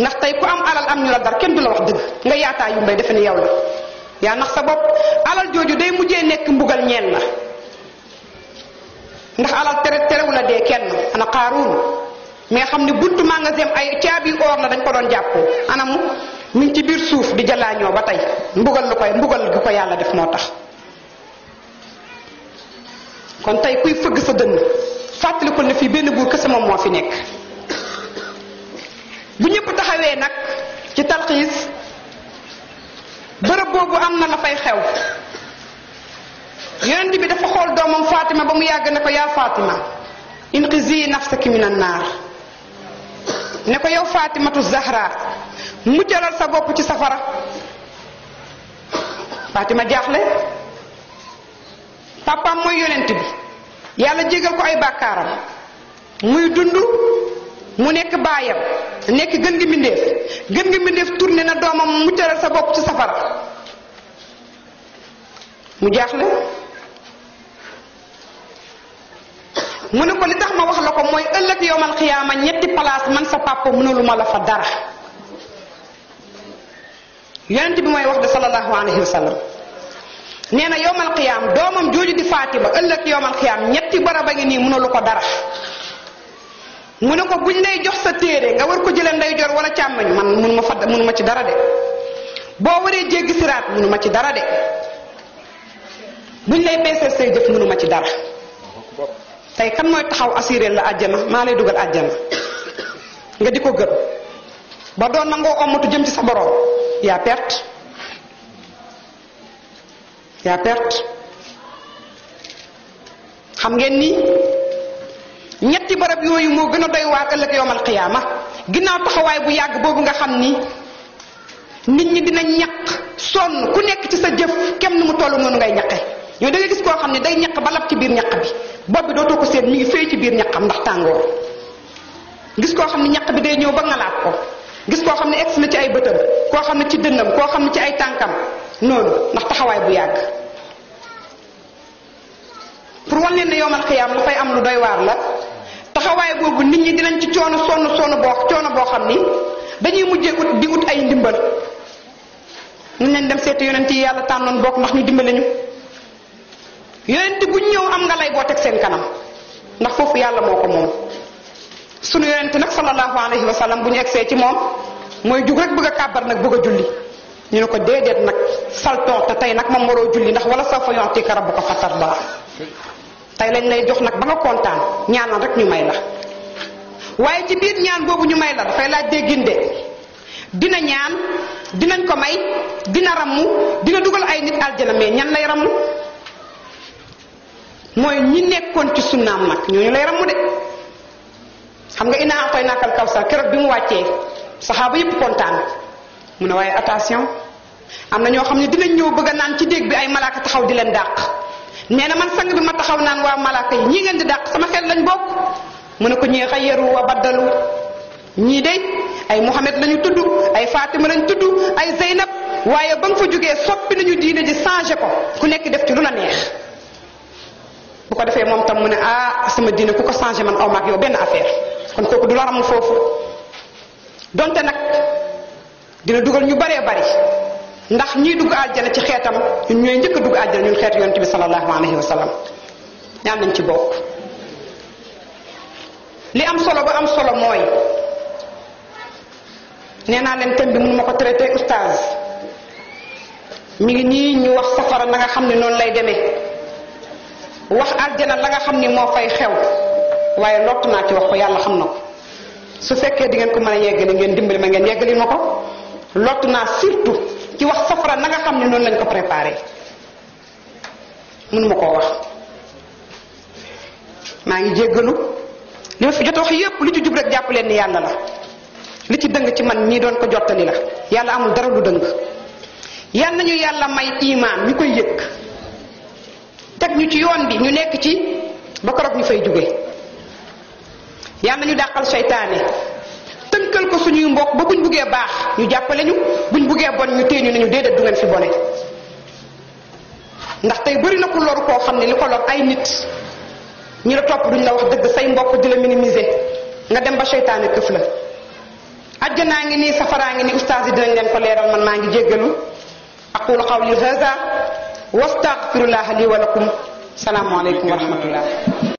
ndax tay ku am alal am ñu la dar kenn du la wax deug nga yaata yu mbay def ne yaw la ya nax sa bop alal joju day mujjé nek mbugal ñen la ndax alal tere terewu wala dee kenn ana xaaruun mais xam ne buntu magasin ay tiabi or la dañ ko don japp anam mu min ci bir suuf di jalaño ba tay mbugal lu koy mbugal gi ko yalla def moo tax kon tay kuy feug sa deun fàttalikul ne fii benn buur kese moom moo fi nekk bu ñëpp taxawee nag ci talxiis bërëb boobu am na la fay xew yonent bi dafa xool doomam Fatima ba mu yàgg ne ko yaa Fatima inqizi nafsaki min annaar ne ko yow Fatimatu Zahra jëlal sa bopp ci safara Fatima jaaxle papaam mooy yonent bi yàlla jégal ko ay bàkkaaram muy dund mu nekk baayam nekk gën gi mbindéef gën gi mbindéef tourné na doomam mu tëral sa bopp ci safara mu jaaxle mu ne ko li tax ma wax la ko mooy ëllëg yowmal xiyaama ñetti place man sa papa mënuluma la fa dara yonent bi mooy wax de sallallahu alayhi wa sallam neena yowmal qiyam domam joju di fatima ëllëg yowmal qiyam ñetti baraba a ngi nii mënalu ko dara mu ko buñ lay jox sa téré nga war ko jëlee nday jor wala càmmañ man mun ma fa mun ma ci dara dé bo waree jégg sirat munu ma ci dara dé buñ lay peesee sey jëf munu ma ci dara tay kan moy taxaw asiré la àjjana ma lay duggal àjjana nga diko ko gëm ba doon nga omatu jëm ci sa borom ya perte yaa perte xam ngeen ni ñetti barab yooyu moo gën a doy waar ëllëg yowmal qiyaama ginnaaw taxawaay bu yàgg boobu nga xam ni nit ñi dina ñaq sonn ku nekk ci sa jëf kem nu mu toll noonu ngay ñaqe ñoo da nga gis koo xam ne day ñaq ba lab ci biir ñaq bi bopp bi dootoo ko seet mi ngi fay ci biir ñaqam ndax tàngoor gis koo xam ne ñaq bi day ñëw ba ngalaat ko gis koo xam ne egsi na ci ay bëtam koo xam ne ci dënnam koo xam ne ci ay tànkam noonu ndax taxawaay bu yàgg pour wan leen ne yowmal xiyaam lu fay am lu doy waar la taxawaay boobu nit ñi dinañ ci coono sonn sonn boo coono boo xam ni dañuy mujjee ut di ut ay ndimbal nañ leen dem seeti yonent yi yàlla tànnoon bokk ndax ñu dimbali ñu yonent bu ñëw am nga lay boo teg seen kanam ndax foofu yàlla moo ko moom sunu yonent nag sallallahu alayhi wa bu ñu egsee ci moom mooy jug rek bëgg a kàbbar nag bëgg a julli ñu ko déedéet nak salto ta tay nak mom waroo julli ndax wala saw fa ko rabbuka ba tay lañ lay jox nak ba nga kontaan ñaanal rek ñu may la waye ci biir ñaan bobu ñu may la fay laaj dina ñaan dinañ ko may dina ramu dina dugal ay nit aljana mais ñan lay ramu moy ñi nekkon ci sunna mak ñooñu lay ramu de xam nga ina atay nakal kawsa keroog bi mu wàccee mu ne waaye attention am na ñoo xam ne dinañ ñëw bëgg a naan ci dégg bi ay malaaka taxaw di leen dàq nee na man sang bi ma taxaw naan waa malaaka yi ñii ngeen di dàq sama xel lañ bokk mu ne ko ñii xayeru wa baddalu ñii day ay muhammad lañu tudd ay fatima lañu tudd ay zainab waaye ba nga fa jógee soppi nañu diine ji changé ko ku nekk def ci lu la neex bu ko defee moom tam mu ne ah sama diine ku ko changé man aw maag yow benn affaire kon kooku du la ram foofu donte nag dina duggal ñu bare bare ndax ñi dugg aljana ci xeetam ñun ñooy njëkk dugg aljana ñun xéet yoonte bi sallallahu alayhi wa sallam ñaan nañ ci bokk li am solo ba am solo moy neena len leen bi mun mako traité oustaz mi ngi ni ñu wax safara nga xamni non lay démé wax aljana la nga xamni mo fay xew waye lott naa ci wax ko yàlla xamna ko su fekke di ngeen ko mën yegg ni ngeen dimbali ma ngeen yegg li mako lott naa surtout ci wax safara na nga xam ne noonu lañ ko préparé mënuma koo wax maa ngi jéggalu li ma fi jot wax yépp lu ci jub rek jàpp leen ni yàlla la li ci dëng ci man ñii doon ko jottali la yàlla amul dara lu dëng yàlla nañu yàlla may imaan ñu koy yëg teg ñu ci yoon bi ñu nekk ci ba korog ñu fay jóge yàlla ñu dàqal seytaane tënkal ko suñuy mbokk ba buñ buggee baax ñu jàppale ñu buñ buggee bon ñu téye ñu ne ñu du ngeen fi bone ndax tey bëri na ku loru koo xam ne li ko lor ay nit ñi la topp duñ la wax dëgg say mbokk di la minimiser nga dem ba seytaane këf la naa ngi nii safaraa ngi nii ustaas dinañ leen ko leeral man naa ngi jéggalu aqulu qawli hada wastaghfirullaha li wa lakum salaamu aleykum wa rahmatullah